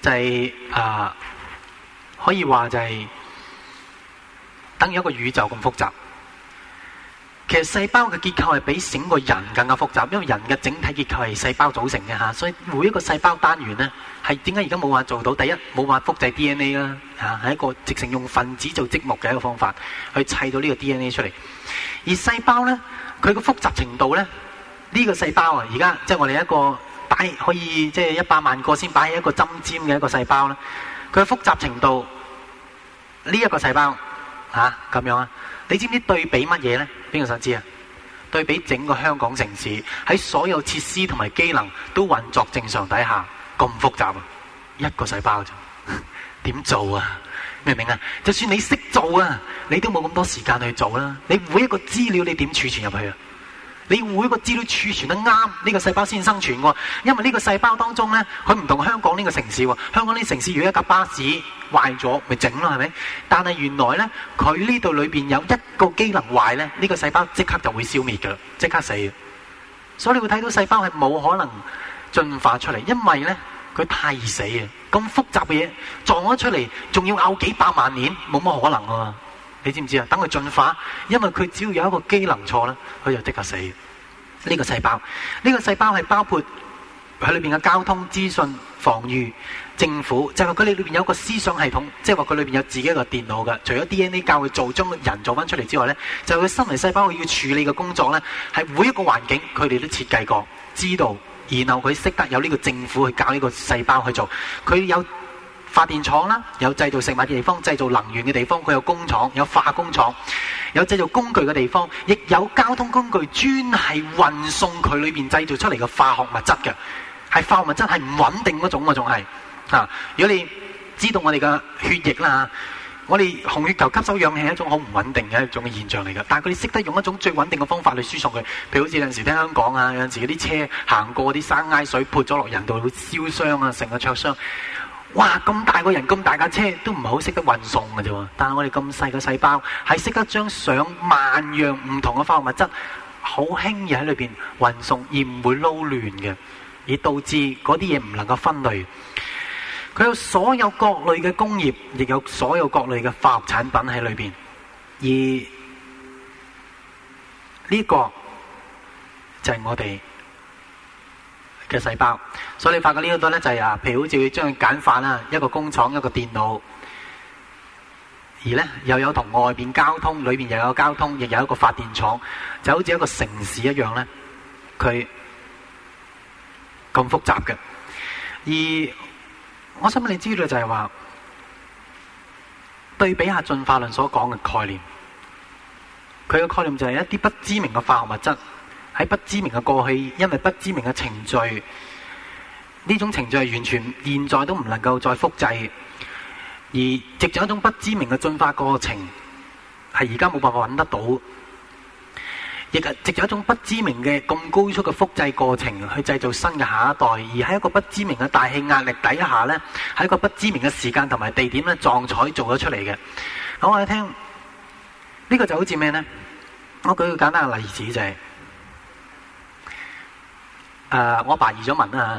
就係、是、啊，可以話就係、是，等於一個宇宙咁複雜。其實細胞嘅結構係比整個人更加複雜，因為人嘅整體結構係細胞組成嘅吓，所以每一個細胞單元呢，係點解而家冇辦法做到？第一，冇辦法複製 DNA 啦吓，係一個直成用分子做積木嘅一個方法去砌到呢個 DNA 出嚟。而細胞呢，佢嘅複雜程度呢，呢個細胞啊，而家即係我哋一個擺可以即係一百萬個先擺喺一個針尖嘅一個細胞啦，佢嘅複雜程度呢一個細胞吓咁樣啊。你知唔知對比乜嘢呢？邊個想知啊？對比整個香港城市喺所有設施同埋機能都運作正常底下，咁複雜啊，一個細胞咋，點 做啊？明唔明啊？就算你識做啊，你都冇咁多時間去做啦，啊。你每一個資料你點儲存入去啊？你每一個資料儲存得啱，呢個細胞先生存喎。因為呢個細胞當中呢，佢唔同香港呢個城市喎。香港呢城市如果一架巴士壞咗，咪整啦，係咪？但係原來呢，佢呢度裏邊有一個機能壞呢，呢個細胞即刻就會消滅㗎啦，即刻死。所以你會睇到細胞係冇可能進化出嚟，因為呢，佢太易死啊！咁複雜嘅嘢撞咗出嚟，仲要拗幾百萬年，冇乜可能啊。你知唔知啊？等佢進化，因為佢只要有一個機能錯咧，佢就即刻死。呢個細胞，呢個細胞係包括喺裏邊嘅交通、資訊、防禦、政府，即係佢裏邊有一個思想系統，即係話佢裏邊有自己一個電腦嘅。除咗 DNA 教佢做將人做翻出嚟之外呢，就係佢身為細胞要處理嘅工作呢，係每一個環境佢哋都設計過、知道，然後佢識得有呢個政府去教呢個細胞去做，佢有。發電廠啦，有製造食物嘅地方，製造能源嘅地方，佢有工廠，有化工廠，有製造工具嘅地方，亦有交通工具專係運送佢裏邊製造出嚟嘅化學物質嘅，係化學物質係唔穩定嗰種啊，仲係啊！如果你知道我哋嘅血液啦，我哋紅血球吸收氧氣係一種好唔穩定嘅一種現象嚟嘅，但係佢哋識得用一種最穩定嘅方法去輸送佢，譬如好似有陣時聽香港啊，有陣時啲車行過啲山埃水潑咗落人度會燒傷啊，成個灼傷。哇！咁大個人，咁大架車都唔係好識得運送嘅啫，但係我哋咁細個細胞係識得將上萬樣唔同嘅化學物質好輕易喺裏邊運送而唔會撈亂嘅，而導致嗰啲嘢唔能夠分類。佢有所有各類嘅工業，亦有所有各類嘅化學產品喺裏邊，而呢個就係我哋。嘅細胞，所以你發覺呢好多咧就係啊，譬如好似要將佢簡化啦，一個工廠，一個電腦，而咧又有同外邊交通，裏邊又有交通，亦有一個發電廠，就好似一個城市一樣咧，佢咁複雜嘅。而我想問你知道就係話對比下進化論所講嘅概念，佢嘅概念就係一啲不知名嘅化學物質。喺不知名嘅過去，因為不知名嘅程序，呢種程序完全現在都唔能夠再複製，而藉著一種不知名嘅進化過程，係而家冇辦法揾得到，亦係藉著一種不知名嘅咁高速嘅複製過程去製造新嘅下一代，而喺一個不知名嘅大氣壓力底下呢，喺一個不知名嘅時間同埋地點咧，撞彩做咗出嚟嘅。好，我哋聽呢個就好似咩呢？我舉個簡單嘅例子就係。誒、uh, 啊，我爸移咗民啊。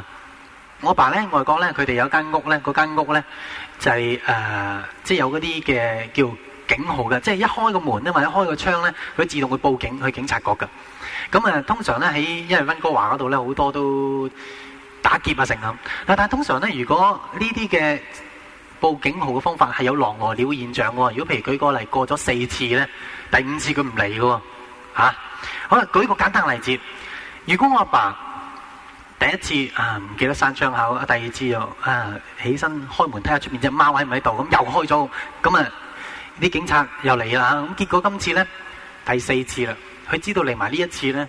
嚇。我爸咧，外國咧，佢哋有間屋咧，嗰間屋咧就係、是、誒，uh, 即係有嗰啲嘅叫警號嘅，即係一開個門咧，或者一開個窗咧，佢自動會報警去警察局㗎。咁啊，通常咧喺因為溫哥華嗰度咧，好多都打劫啊成咁。但係通常咧，如果呢啲嘅報警號嘅方法係有狼來鳥現象喎。如果譬如舉個例，過咗四次咧，第五次佢唔嚟嘅喎，嚇。好啦，舉個簡單例子，如果我阿爸。第一次啊，唔記得閂窗口；啊，第二次又啊，起身開門睇下出面隻貓喺唔喺度，咁又開咗，咁啊啲警察又嚟啦。咁結果今次咧第四次啦，佢知道嚟埋呢一次咧，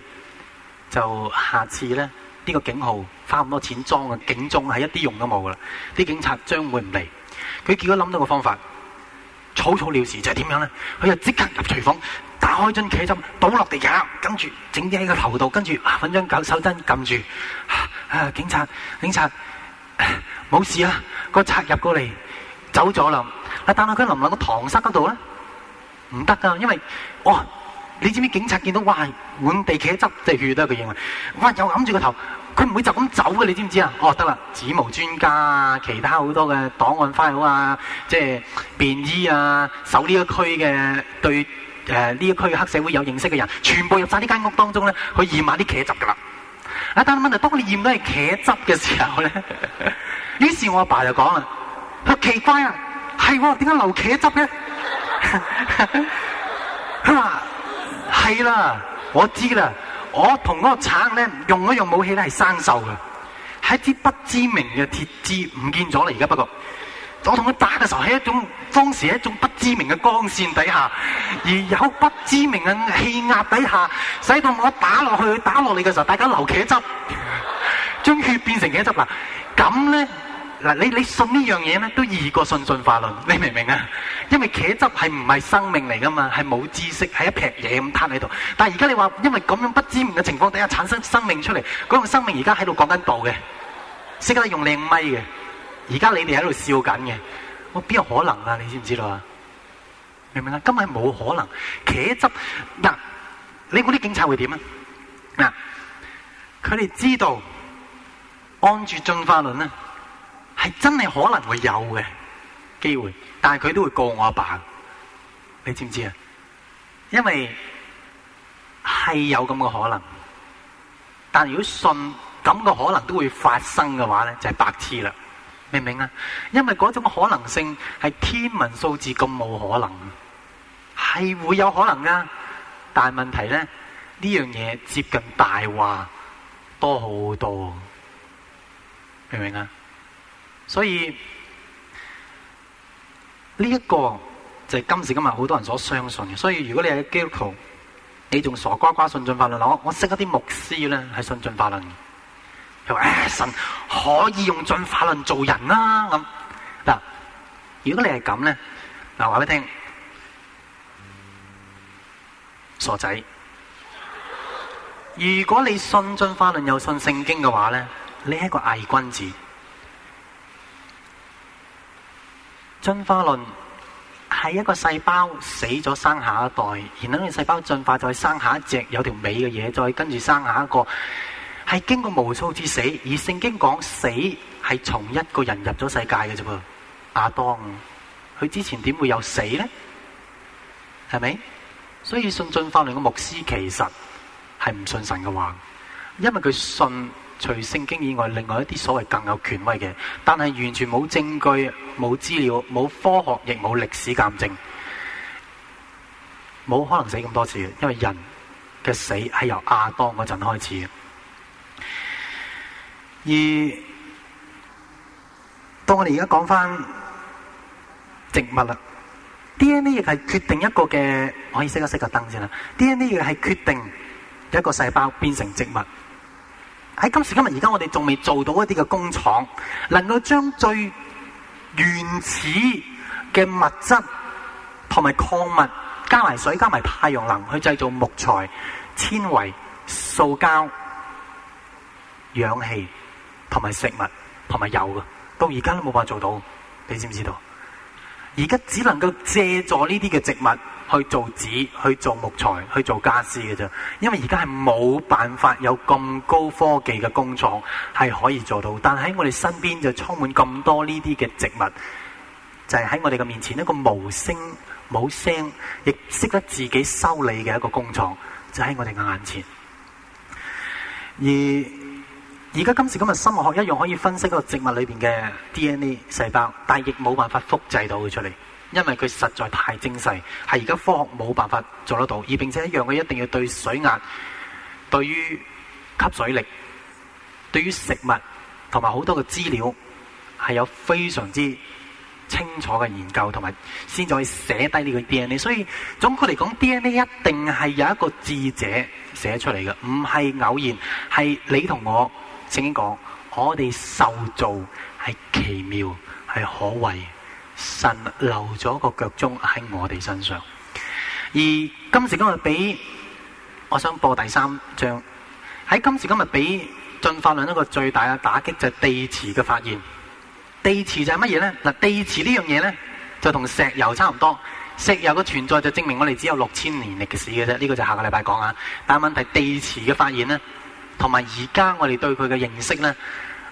就下次咧呢個警號花咁多錢裝嘅警鐘係一啲用都冇噶啦，啲警察將會唔嚟。佢結果諗到個方法，草草了事就係點樣咧？佢就即刻入廚房。開樽茄汁倒落地下，跟住整啲喺個頭度，跟、啊、住揾張手巾撳住。啊，警察，警察，冇事啊！事個賊入過嚟走咗啦。但係佢淋唔臨個堂室嗰度咧，唔得噶，因為哦，你知唔知警察見到哇滿地茄汁即係血啦，佢認為哇有揞住個頭，佢唔會就咁走嘅，你知唔知啊？哦得啦，指模專家啊，其他好多嘅檔案 file 啊，即係便衣啊，守呢一區嘅對。誒，呢、呃、一區黑社會有認識嘅人，全部入晒呢間屋當中咧，去驗埋啲茄汁噶啦。啊，但係問題，當你驗到係茄汁嘅時候咧，於 是我阿爸就講啦，佢奇怪啊，係點解留茄汁嘅？佢話，係啦，我知啦，我同嗰個橙咧，用嗰樣武器咧係生鏽嘅，係一支不知名嘅鐵枝唔見咗啦，而家不過。我同佢打嘅時候係一種當時一種不知名嘅光線底下，而有不知名嘅氣壓底下，使到我打落去打落嚟嘅時候，大家流茄汁，將血變成茄汁嗱。咁咧嗱，你你信呢樣嘢咧，都易過信進化論，你明唔明啊？因為茄汁係唔係生命嚟噶嘛，係冇知識，係一劈嘢咁攤喺度。但係而家你話，因為咁樣不知名嘅情況底下產生生命出嚟，嗰個生命而家喺度講緊道嘅，識得用靚米嘅。而家你哋喺度笑緊嘅，我邊有可能啊？你知唔知道啊？明唔明啊？根本冇可能。茄汁嗱，你估啲警察會點啊？嗱，佢哋知道按住進化論咧，係真係可能會有嘅機會，但係佢都會告我阿爸。你知唔知啊？因為係有咁嘅可能，但係如果信咁嘅可能都會發生嘅話咧，就係白痴啦。明唔明啊？因為嗰種可能性係天文數字咁冇可能，係會有可能啊。但係問題咧，呢樣嘢接近大話多好多，明唔明啊？所以呢一個就係今時今日好多人所相信嘅。所以如果你係基督徒，你仲傻瓜瓜信進化論？我我識一啲牧師咧係信進化論嘅。佢話，哎，神可以用進化論做人啦，咁嗱。如果你係咁咧，嗱，話俾你聽，傻仔。如果你信進化論又信聖經嘅話咧，你係個偽君子。進化論係一個細胞死咗生下一代，然後呢個細胞進化再生下一隻有條尾嘅嘢，再跟住生下一個。係經過無數次死，而聖經講死係從一個人入咗世界嘅啫噃，亞當佢之前點會有死呢？係咪？所以信進化論嘅牧師其實係唔信神嘅話，因為佢信除聖經以外，另外一啲所謂更有權威嘅，但係完全冇證據、冇資料、冇科學亦冇歷史鑑證，冇可能死咁多次嘅，因為人嘅死係由亞當嗰陣開始嘅。而當我哋而家講翻植物啦，DNA 亦係決定一個嘅，我可以熄一熄個燈先啦。DNA 亦係決定一個細胞變成植物。喺今時今日，而家我哋仲未做到一啲嘅工廠，能夠將最原始嘅物質同埋礦物加埋水、加埋太陽能去製造木材、纖維、塑膠、氧氣。同埋食物，同埋油嘅，到而家都冇法做到。你知唔知道？而家只能夠借助呢啲嘅植物去做紙、去做木材、去做家私嘅啫。因為而家係冇辦法有咁高科技嘅工廠係可以做到。但係喺我哋身邊就充滿咁多呢啲嘅植物，就係喺我哋嘅面前一個無聲冇聲，亦識得自己修理嘅一個工廠，就喺我哋嘅眼前。而而家今時今日，生物學一樣可以分析個植物裏邊嘅 DNA 細胞，但係亦冇辦法複製到佢出嚟，因為佢實在太精細，係而家科學冇辦法做得到。而並且一樣，佢一定要對水壓、對於吸水力、對於食物同埋好多嘅資料係有非常之清楚嘅研究，同埋先至可以寫低呢個 DNA。所以總括嚟講，DNA 一定係有一個智者寫出嚟嘅，唔係偶然，係你同我。正經講，我哋受造係奇妙，係可畏。神留咗個腳蹤喺我哋身上。而今時今日俾，我想播第三章。喺今時今日俾進化論一個最大嘅打擊就係地磁嘅發現。地磁就係乜嘢咧？嗱，地磁呢樣嘢咧就同石油差唔多。石油嘅存在就證明我哋只有六千年歷史嘅啫。呢、這個就下個禮拜講啊。但係問題，地磁嘅發現咧。同埋而家我哋對佢嘅認識呢，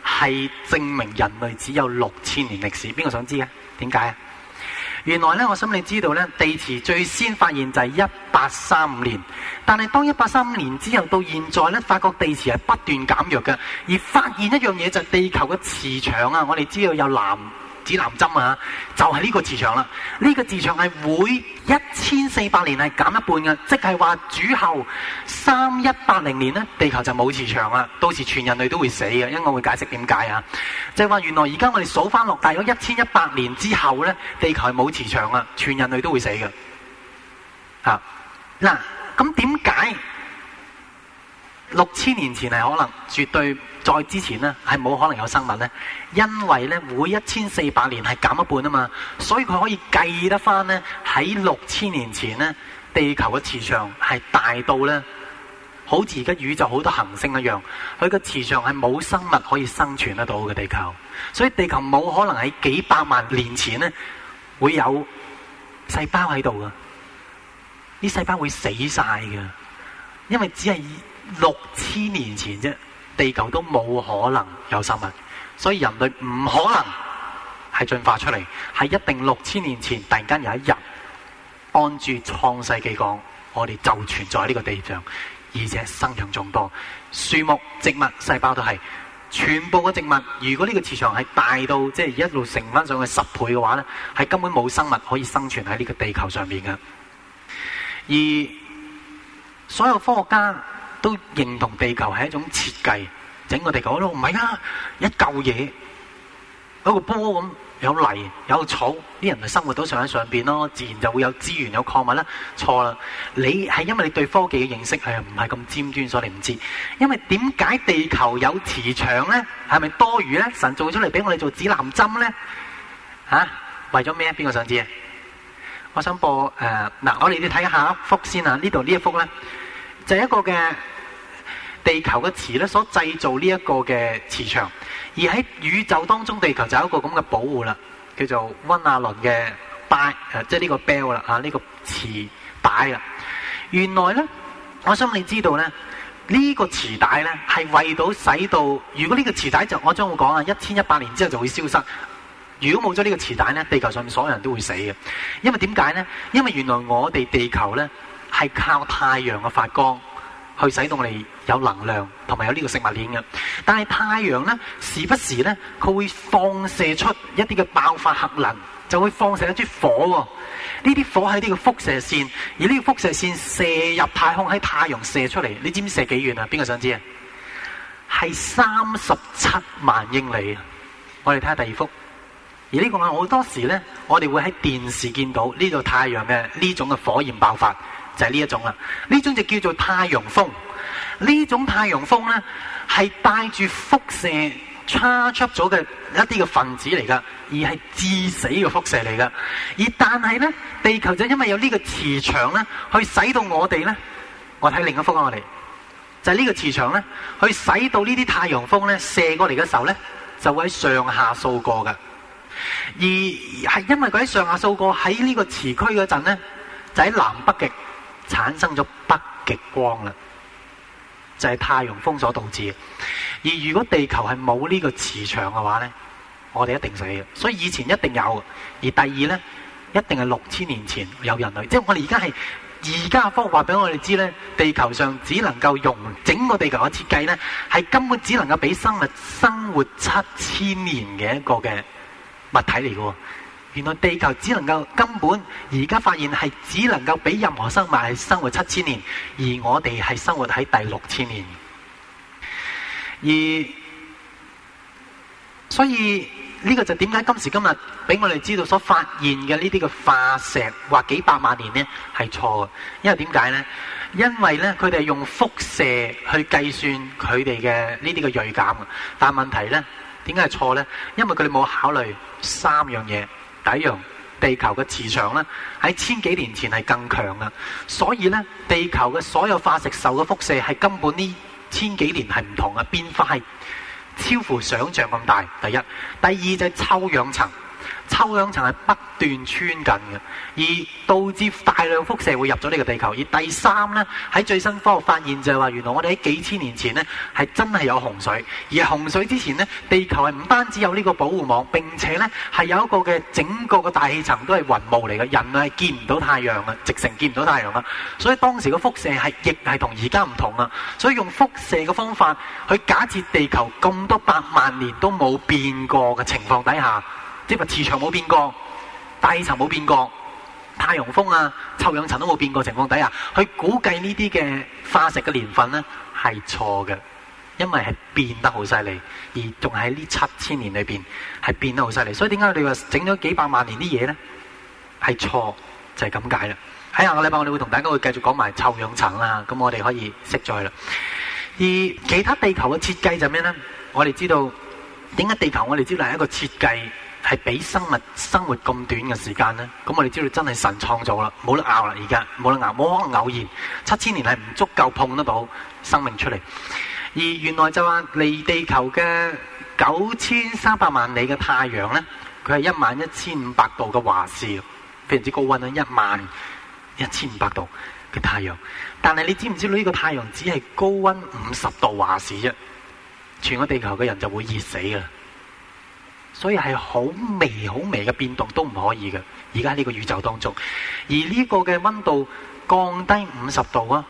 係證明人類只有六千年歷史。邊個想知啊？點解啊？原來呢，我想你知道呢地磁最先發現就係一八三五年。但係當一八三五年之後，到現在呢，發覺地磁係不斷減弱嘅。而發現一樣嘢就係地球嘅磁場啊！我哋知道有南。指南針啊，就係、是、呢個磁場啦。呢、這個磁場係每一千四百年係減一半嘅，即係話主後三一八零年呢，地球就冇磁場啦，到時全人類都會死嘅。因為我會解釋點解啊，即係話原來而家我哋數翻落大約一千一百年之後呢，地球係冇磁場啊，全人類都會死嘅。吓、啊，嗱，咁點解？六千年前係可能絕對在之前呢，係冇可能有生物呢。因為呢，每一千四百年係減一半啊嘛，所以佢可以計得翻呢。喺六千年前呢，地球嘅磁場係大到呢，好似而家宇宙好多行星一樣，佢個磁場係冇生物可以生存得到嘅地球，所以地球冇可能喺幾百萬年前呢會有細胞喺度噶，啲細胞會死晒噶，因為只係六千年前啫，地球都冇可能有生物，所以人類唔可能係進化出嚟，係一定六千年前突然間有一日，按住創世記講，我哋就存在呢個地上，而且生養眾多，樹木、植物、細胞都係，全部嘅植物，如果呢個磁場係大到即係、就是、一路乘翻上去十倍嘅話呢，係根本冇生物可以生存喺呢個地球上邊嘅。而所有科學家，都認同地球係一種設計，整個地球都唔係啊，一嚿嘢，有個波咁，有泥，有草，啲人咪生活都上喺上邊咯，自然就會有資源，有礦物啦。錯啦，你係因為你對科技嘅認識係唔係咁尖端，所以你唔知。因為點解地球有磁場咧，係咪多餘咧？神做出嚟俾我哋做指南針咧？吓，為咗咩？邊個想知啊？我想播誒，嗱，我哋要睇下一幅先啊，呢度呢一幅咧。就一個嘅地球嘅磁咧，所製造呢一個嘅磁場，而喺宇宙當中，地球就有一個咁嘅保護啦，叫做溫亞倫嘅帶，誒，即係呢個 bell 啦、啊，吓、這、呢個磁帶啦。原來呢，我想你知道呢，呢、這個磁帶呢係為到使到，如果呢個磁帶就我將會講啊，一千一百年之後就會消失。如果冇咗呢個磁帶呢，地球上面所有人都會死嘅，因為點解呢？因為原來我哋地球呢。係靠太陽嘅發光去使到你有能量同埋有呢個食物鏈嘅。但係太陽呢，時不時呢，佢會放射出一啲嘅爆發核能，就會放射一啲火。呢啲火係呢個輻射線，而呢個輻射線射入太空喺，太陽射出嚟，你知唔知射幾遠啊？邊個想知啊？係三十七萬英里。我哋睇下第二幅。而呢個我好多時呢，我哋會喺電視見到呢度太陽嘅呢種嘅火焰爆發。就係呢一種啦，呢種就叫做太陽風。呢種太陽風咧，係帶住輻射 charge 出咗嘅一啲嘅分子嚟噶，而係致死嘅輻射嚟噶。而但係咧，地球就因為有呢個磁場咧，去使到我哋咧，我睇另一幅啊，我哋就係、是、呢個磁場咧，去使到陽呢啲太陽風咧射過嚟嘅時候咧，就會喺上下掃過噶。而係因為佢喺上下掃過喺呢個磁區嗰陣咧，就喺南北極。產生咗北極光啦，就係太陽風所導致嘅。而如果地球係冇呢個磁場嘅話呢，我哋一定死嘅。所以以前一定有。而第二呢，一定係六千年前有人類，即係我哋而家係而家嘅科學話俾我哋知呢，地球上只能夠用整個地球嘅設計呢，係根本只能夠俾生物生活七千年嘅一個嘅物體嚟嘅。原來地球只能夠，根本而家發現係只能夠俾任何生物係生活七千年，而我哋係生活喺第六千年。而所以呢個就點解今時今日俾我哋知道所發現嘅呢啲嘅化石話幾百萬年呢？係錯嘅，因為點解呢？因為呢，佢哋係用輻射去計算佢哋嘅呢啲嘅銳減，但係問題呢，點解係錯呢？因為佢哋冇考慮三樣嘢。第一樣，地球嘅磁場咧喺千幾年前係更強嘅，所以咧地球嘅所有化石受嘅輻射係根本呢千幾年係唔同嘅變化，超乎想像咁大。第一，第二就係、是、臭氧層。臭氧層係不斷穿緊嘅，而導致大量輻射會入咗呢個地球。而第三呢，喺最新科學發現就係話，原來我哋喺幾千年前呢係真係有洪水。而洪水之前呢，地球係唔單止有呢個保護網，並且呢係有一個嘅整個嘅大氣層都係雲霧嚟嘅，人係見唔到太陽啊，直成見唔到太陽啊。所以當時個輻射係亦係同而家唔同啊。所以用輻射嘅方法去假設地球咁多百萬年都冇變過嘅情況底下。即係磁場冇變過，大氣層冇變過，太陽風啊、臭氧層都冇變過情況底下，去估計呢啲嘅化石嘅年份咧係錯嘅，因為係變得好犀利，而仲喺呢七千年裏邊係變得好犀利，所以點解我哋話整咗幾百萬年啲嘢咧係錯就係咁解啦。喺下個禮拜我哋會同大家會繼續講埋臭氧層啦，咁我哋可以識咗佢啦。而其他地球嘅設計就咩咧？我哋知道點解地球我哋知道係一個設計。係俾生物生活咁短嘅時間呢。咁我哋知道真係神創造啦，冇得拗啦而家，冇得拗，冇可能偶然七千年係唔足夠碰得到生命出嚟。而原來就話離地球嘅九千三百萬里嘅太陽呢，佢係一萬一千五百度嘅華氏，非常之高溫啊！一萬一千五百度嘅太陽，但係你知唔知道呢個太陽只係高溫五十度華氏啫，全個地球嘅人就會熱死啦。所以係好微、好微嘅變動都唔可以嘅。而家呢個宇宙當中，而呢個嘅溫度降低五十度啊，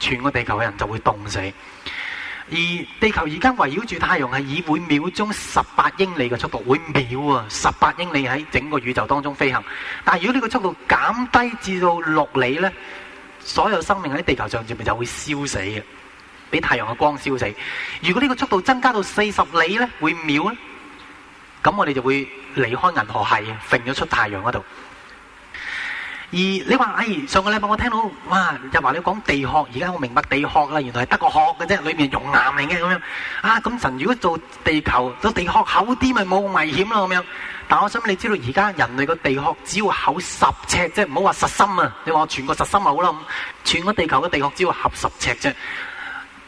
全個地球嘅人就會凍死。而地球而家圍繞住太陽係以每秒鐘十八英里嘅速度，每秒啊十八英里喺整個宇宙當中飛行。但係如果呢個速度減低至到六里呢，所有生命喺地球上入面就會燒死嘅，俾太陽嘅光燒死。如果呢個速度增加到四十里呢，會秒咧。咁我哋就會離開銀河系，揈咗出太陽嗰度。而你話，哎，上個禮拜我聽到，哇，又話你講地殼，而家我明白地殼啦，原來係得個殼嘅啫，裏面熔岩嚟嘅咁樣。啊，咁神如果做地球，做地殼厚啲，咪冇危險咯咁樣。但我想你知道，而家人類個地殼只要厚十尺即係，唔好話實心啊！你話全個實心咪好啦？咁全個地球嘅地殼只要厚十尺啫，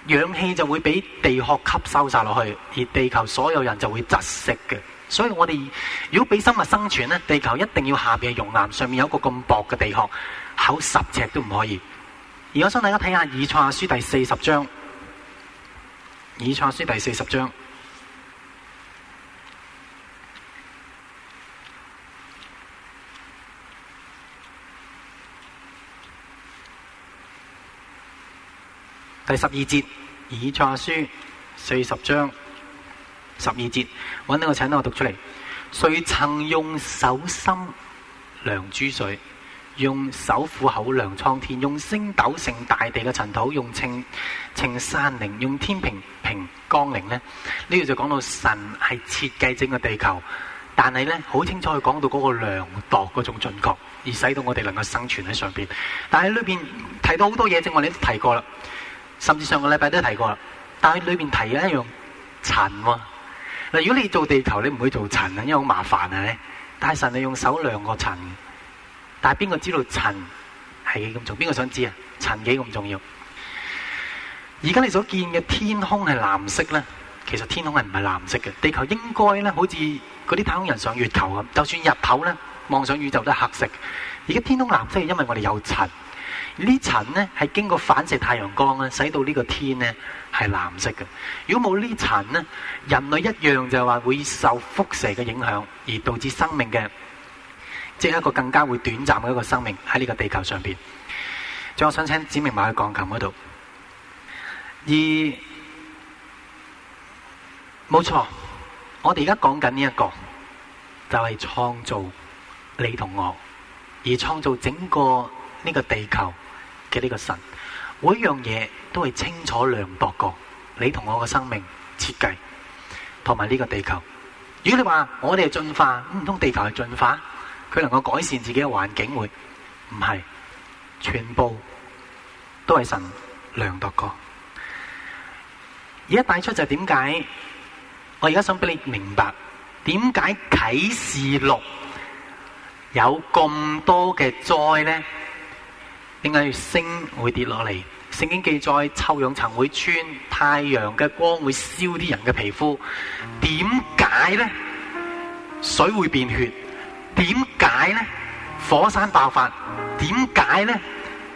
氧氣就會俾地殼吸收晒落去，而地球所有人就會窒息嘅。所以我哋如果畀生物生存咧，地球一定要下邊嘅熔岩，上面有一個咁薄嘅地殼，厚十尺都唔可以。而我想大家睇下《以賽亞書》第四十章，《以賽亞書》第四十章，第十二節，《以賽亞書》四十章。十二節揾呢個塵，我讀出嚟。誰曾用手心量諸水，用手虎口量蒼天，用升斗盛大地嘅塵土，用秤稱山嶺，用天平平岡陵呢？呢度就講到神係設計整個地球，但係呢，好清楚去講到嗰個量度嗰種準確，而使到我哋能夠生存喺上邊。但係裏邊提到好多嘢，正我哋都提過啦，甚至上個禮拜都提過啦。但係裏邊提嘅一樣塵喎。嗱，如果你做地球，你唔會做塵啊，因為好麻煩啊。但大神你用手量個塵，但係邊個知道塵係咁重？邊個想知啊？塵幾咁重要？而家你所見嘅天空係藍色咧，其實天空係唔係藍色嘅。地球應該咧，好似嗰啲太空人上月球咁，就算日頭咧望上宇宙都係黑色。而家天空藍色係因為我哋有塵。層呢層咧係經過反射太陽光啦，使到呢個天咧係藍色嘅。如果冇呢層咧，人類一樣就話會受輻射嘅影響，而導致生命嘅即係一個更加會短暫嘅一個生命喺呢個地球上邊。仲有我想請展明埋去鋼琴嗰度。而冇錯，我哋而家講緊呢一個就係、是、創造你同我，而創造整個呢個地球。呢個神，每一樣嘢都係清楚量度過你同我嘅生命設計，同埋呢個地球。如果你話我哋係進化，唔通地球係進化？佢能夠改善自己嘅環境會？會唔係？全部都係神量度過。而家帶出就係點解？我而家想俾你明白，點解啟示錄有咁多嘅災呢？點解星會跌落嚟？聖經記載，臭氧層會穿，太陽嘅光會燒啲人嘅皮膚。點解咧？水會變血。點解咧？火山爆發。點解咧？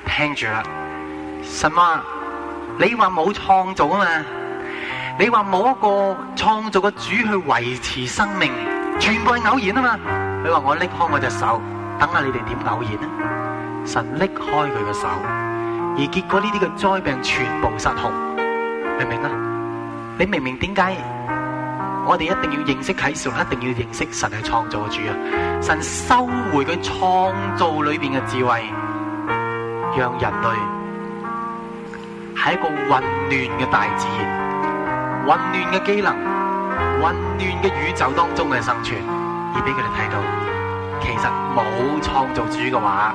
聽住啦。神話你話冇創造啊嘛？你話冇一個創造嘅主去維持生命，全部係偶然啊嘛？你話我拎開我隻手，等下你哋點偶然啊？神拎開佢個手，而結果呢啲嘅災病全部失控，明唔明啊？你明唔明點解？我哋一定要認識啟示，一定要認識神係創造主啊！神收回佢創造裏邊嘅智慧，讓人類係一個混亂嘅大自然、混亂嘅機能、混亂嘅宇宙當中嘅生存，而俾佢哋睇到，其實冇創造主嘅話。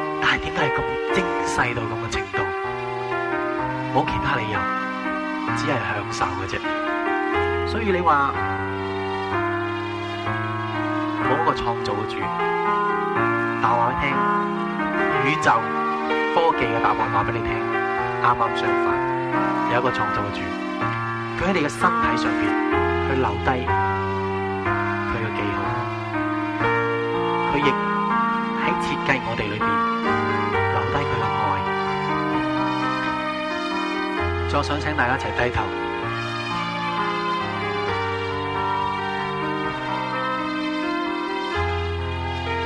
但係點解係咁精細到咁嘅程度？冇其他理由，只係享受嘅啫。所以你話冇一個創造嘅主，但我聽宇宙科技嘅答案話俾你聽，啱啱相反，有一個創造嘅主，佢喺你嘅身體上邊去留低佢嘅記號，佢亦喺設計我哋裏邊。所以我想請大家一齊低頭。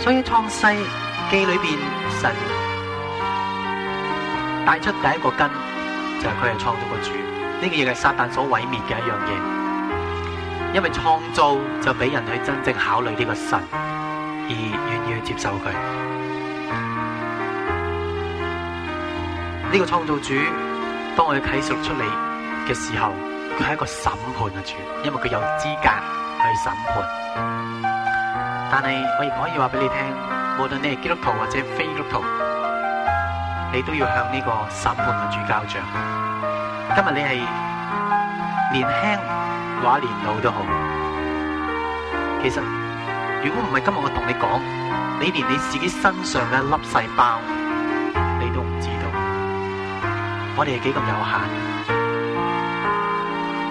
所以創世記裏邊，神帶出第一個根，就係佢係創造個主。呢個亦係撒旦所毀滅嘅一樣嘢。因為創造就俾人去真正考慮呢個神，而願意去接受佢。呢個創造主。當我哋啟示出嚟嘅時候，佢係一個審判嘅主，因為佢有資格去審判。但係我亦可以話俾你聽，無論你係基督徒或者非基督徒，你都要向呢個審判嘅主交賬。今日你係年輕或年老都好，其實如果唔係今日我同你講，你連你自己身上嘅一粒細胞你都唔知道。我哋係幾咁有限，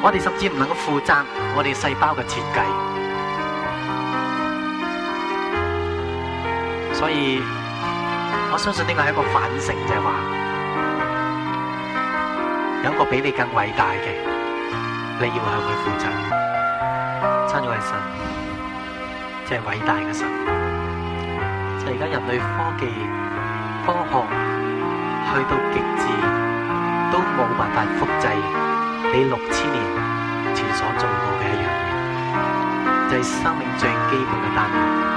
我哋甚至唔能夠負責我哋細胞嘅設計，所以我相信呢個係一個反省，就係話有一個比你更偉大嘅，你要向佢負責。親愛神，即係偉大嘅神。就係而家人類科技、科學去到極致。冇辦法複製你六千年前所做過嘅一樣嘢，就係、是、生命最基本嘅單元。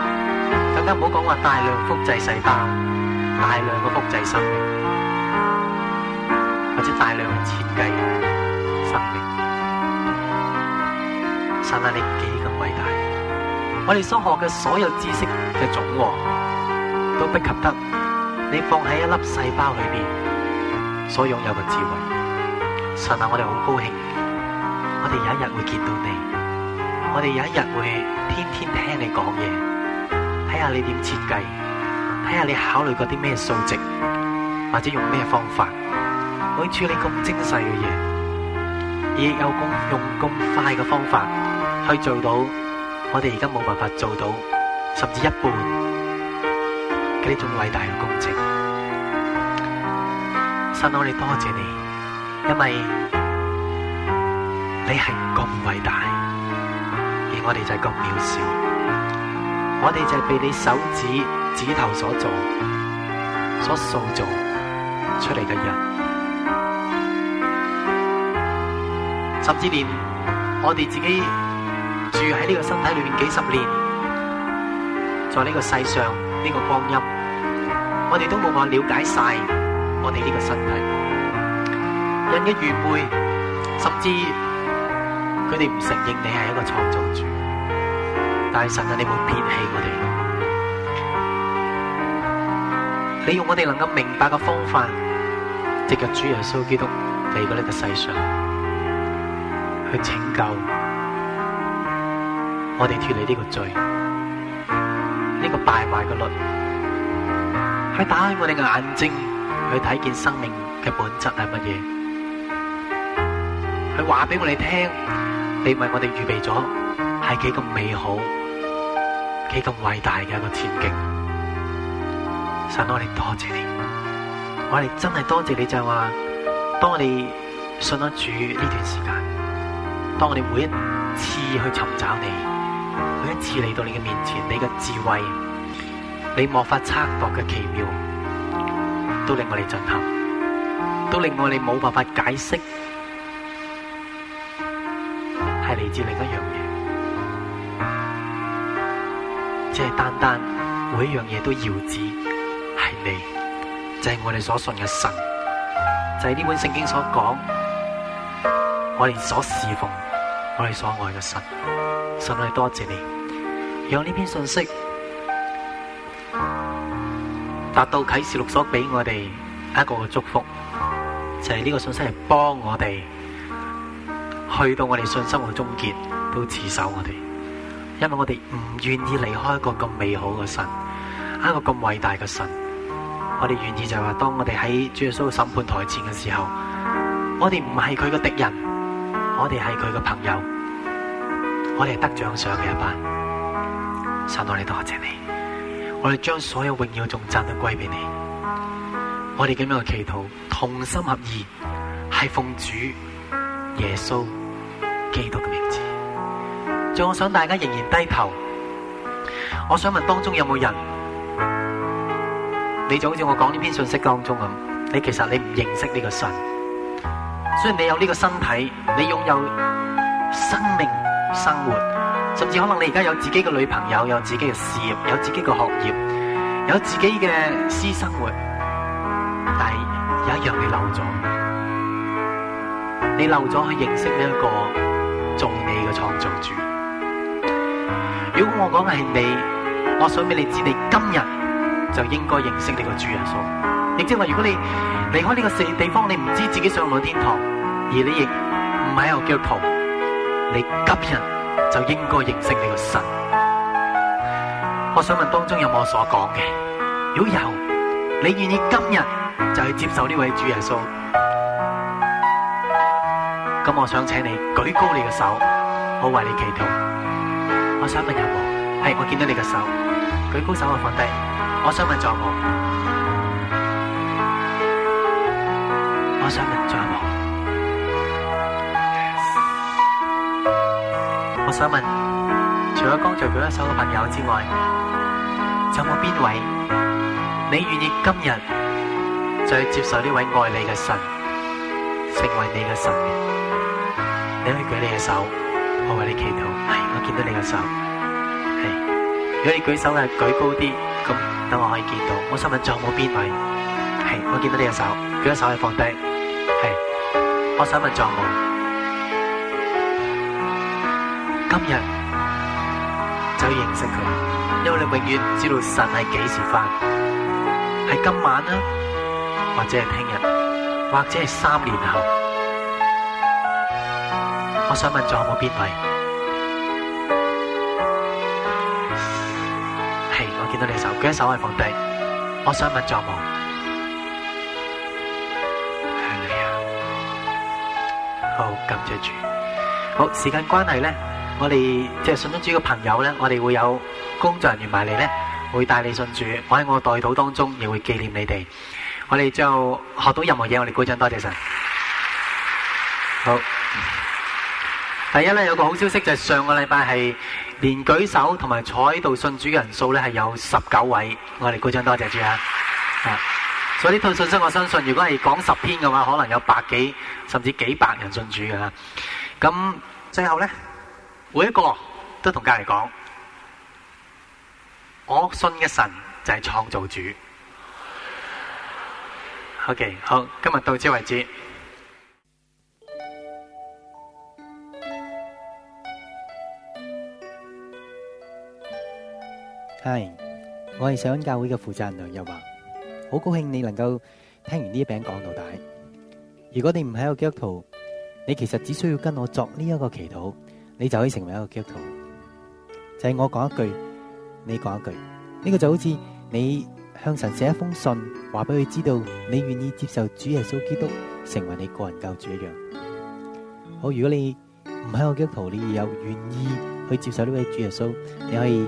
更加唔好講話大量複製細胞，大量嘅複製生命，或者大量嘅設計生命。神啊，你幾咁偉大！我哋所學嘅所有知識嘅總和，都不及得你放喺一粒細胞裏邊所擁有嘅智慧。但啊，我哋好高興，我哋有一日會見到你，我哋有一日會天天聽你講嘢，睇下你點設計，睇下你考慮過啲咩數值，或者用咩方法去處理咁精細嘅嘢，亦有咁用咁快嘅方法去做到，我哋而家冇辦法做到，甚至一半，呢種偉大嘅工程，神啊，我哋多謝你。因為你係咁偉大，而我哋就係咁渺小，我哋就係被你手指指頭所造、所塑造出嚟嘅人。甚至連，我哋自己住喺呢個身體裏面幾十年，在呢個世上呢、呢個光陰，我哋都冇辦法了解晒我哋呢個身體。一愚昧，甚至佢哋唔承認你係一個創造主，但係神啊，你唔會撇棄我哋。你用我哋能夠明白嘅方法，藉著主耶穌基督嚟到呢個世上，去拯救我哋脫離呢個罪，呢、呢個敗壞嘅律，去打開我哋嘅眼睛，去睇見生命嘅本質係乜嘢。佢話俾我哋聽，你為我哋預備咗係幾咁美好、幾咁偉大嘅一個前景。神，我哋多謝你，我哋真係多謝你。就係話當我哋信咗主呢段時間，當我哋每一次去尋找你，每一次嚟到你嘅面前，你嘅智慧、你無法測度嘅奇妙，都令我哋震撼，都令我哋冇辦法解釋。嚟自另一樣嘢，即係單單每一樣嘢都要指係你，就係我哋所信嘅神，就係呢本聖經所講，我哋所侍奉、我哋所愛嘅神。神，我哋多謝你，讓呢篇信息達到啟示錄所俾我哋一個嘅祝福，就係呢個信息係幫我哋。去到我哋信心嘅終結都自守我哋，因為我哋唔願意離開一個咁美好嘅神，一個咁偉大嘅神。我哋願意就係話，當我哋喺主耶穌審判台前嘅時候，我哋唔係佢嘅敵人，我哋係佢嘅朋友，我哋係得獎賞嘅一班。神，我哋多謝你，我哋將所有榮耀頌讚都歸俾你。我哋咁樣嘅祈禱同心合意，係奉主耶穌。基督嘅名字，仲想大家仍然低頭。我想問當中有冇人？你就好似我講呢篇信息當中咁，你其實你唔認識呢個神，雖然你有呢個身體，你擁有生命、生活，甚至可能你而家有自己嘅女朋友，有自己嘅事業，有自己嘅學業，有自己嘅私生活，但係有一樣你漏咗，你漏咗去認識呢一個。做你嘅創造主。如果我講嘅係你，我想俾你知，你今日就應該認識你個主耶穌。亦即係話，如果你離開呢個死地方，你唔知自己上唔到天堂，而你亦唔喺度叫仆，你今日就應該認識你個神。我想問當中有冇我所講嘅？如果有，你願意今日就去接受呢位主耶穌？咁我想請你舉高你嘅手，好為你祈禱。我想問有冇？係，我見到你嘅手，舉高手啊，放低。我想問仲有冇？我想問仲有冇？我想問，除咗剛才舉一手嘅朋友之外，有冇邊位你願意今日再接受呢位愛你嘅神，成為你嘅神？請你舉你嘅手，我為你祈禱。係，我見到你嘅手。係，如果你舉手係舉高啲，咁等我可以見到。我手唔脹，冇邊位。係，我見到你嘅手。舉手係放低。係，我手唔脹。今日就要認識佢，因為你永遠唔知道神係幾時返，係今晚啊，或者係聽日，或者係三年後。我想問仲有冇邊位？係，我見到你手，舉一手可以放低。我想問仲有冇？係你啊！好，感謝主。好，時間關係咧，我哋即係信主主嘅朋友咧，我哋會有工作人員埋嚟咧，會帶你信主。我喺我代禱當中，亦會紀念你哋。我哋就學到任何嘢，我哋鼓掌，多謝神。好。第一咧，有一個好消息，就係、是、上個禮拜係連舉手同埋坐喺度信主嘅人數咧係有十九位，我哋鼓掌，多謝主 啊！所以呢套信息我相信，如果係講十篇嘅話，可能有百幾甚至幾百人信主嘅啦。咁最後咧，每一個都同隔籬講，我信嘅神就係創造主。OK，好，今日到此為止。係，我係上恩教會嘅負責人梁又華，好高興你能夠聽完呢一篇講道。如果你唔係一個基督徒，你其實只需要跟我作呢一個祈禱，你就可以成為一個基督徒。就係我講一句，你講一句，呢個就好似你向神寫一封信，話俾佢知道你願意接受主耶穌基督成為你個人救主一樣。好，如果你唔係一個基督徒，你又願意去接受呢位主耶穌，你可以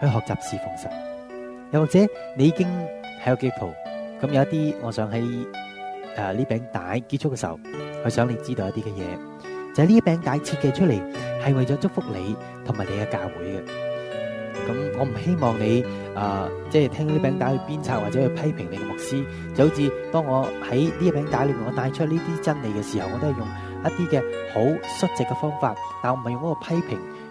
去學習侍奉神，又或者你已經喺個基督徒，咁有一啲，我想喺誒呢餅帶結束嘅時候，我想你知道一啲嘅嘢，就係呢一餅帶設計出嚟係為咗祝福你同埋你嘅教會嘅。咁我唔希望你誒即係聽呢餅帶去鞭策或者去批評你嘅牧師，就好似當我喺呢一餅帶裏邊我帶出呢啲真理嘅時候，我都係用一啲嘅好率直嘅方法，但係我唔係用嗰個批評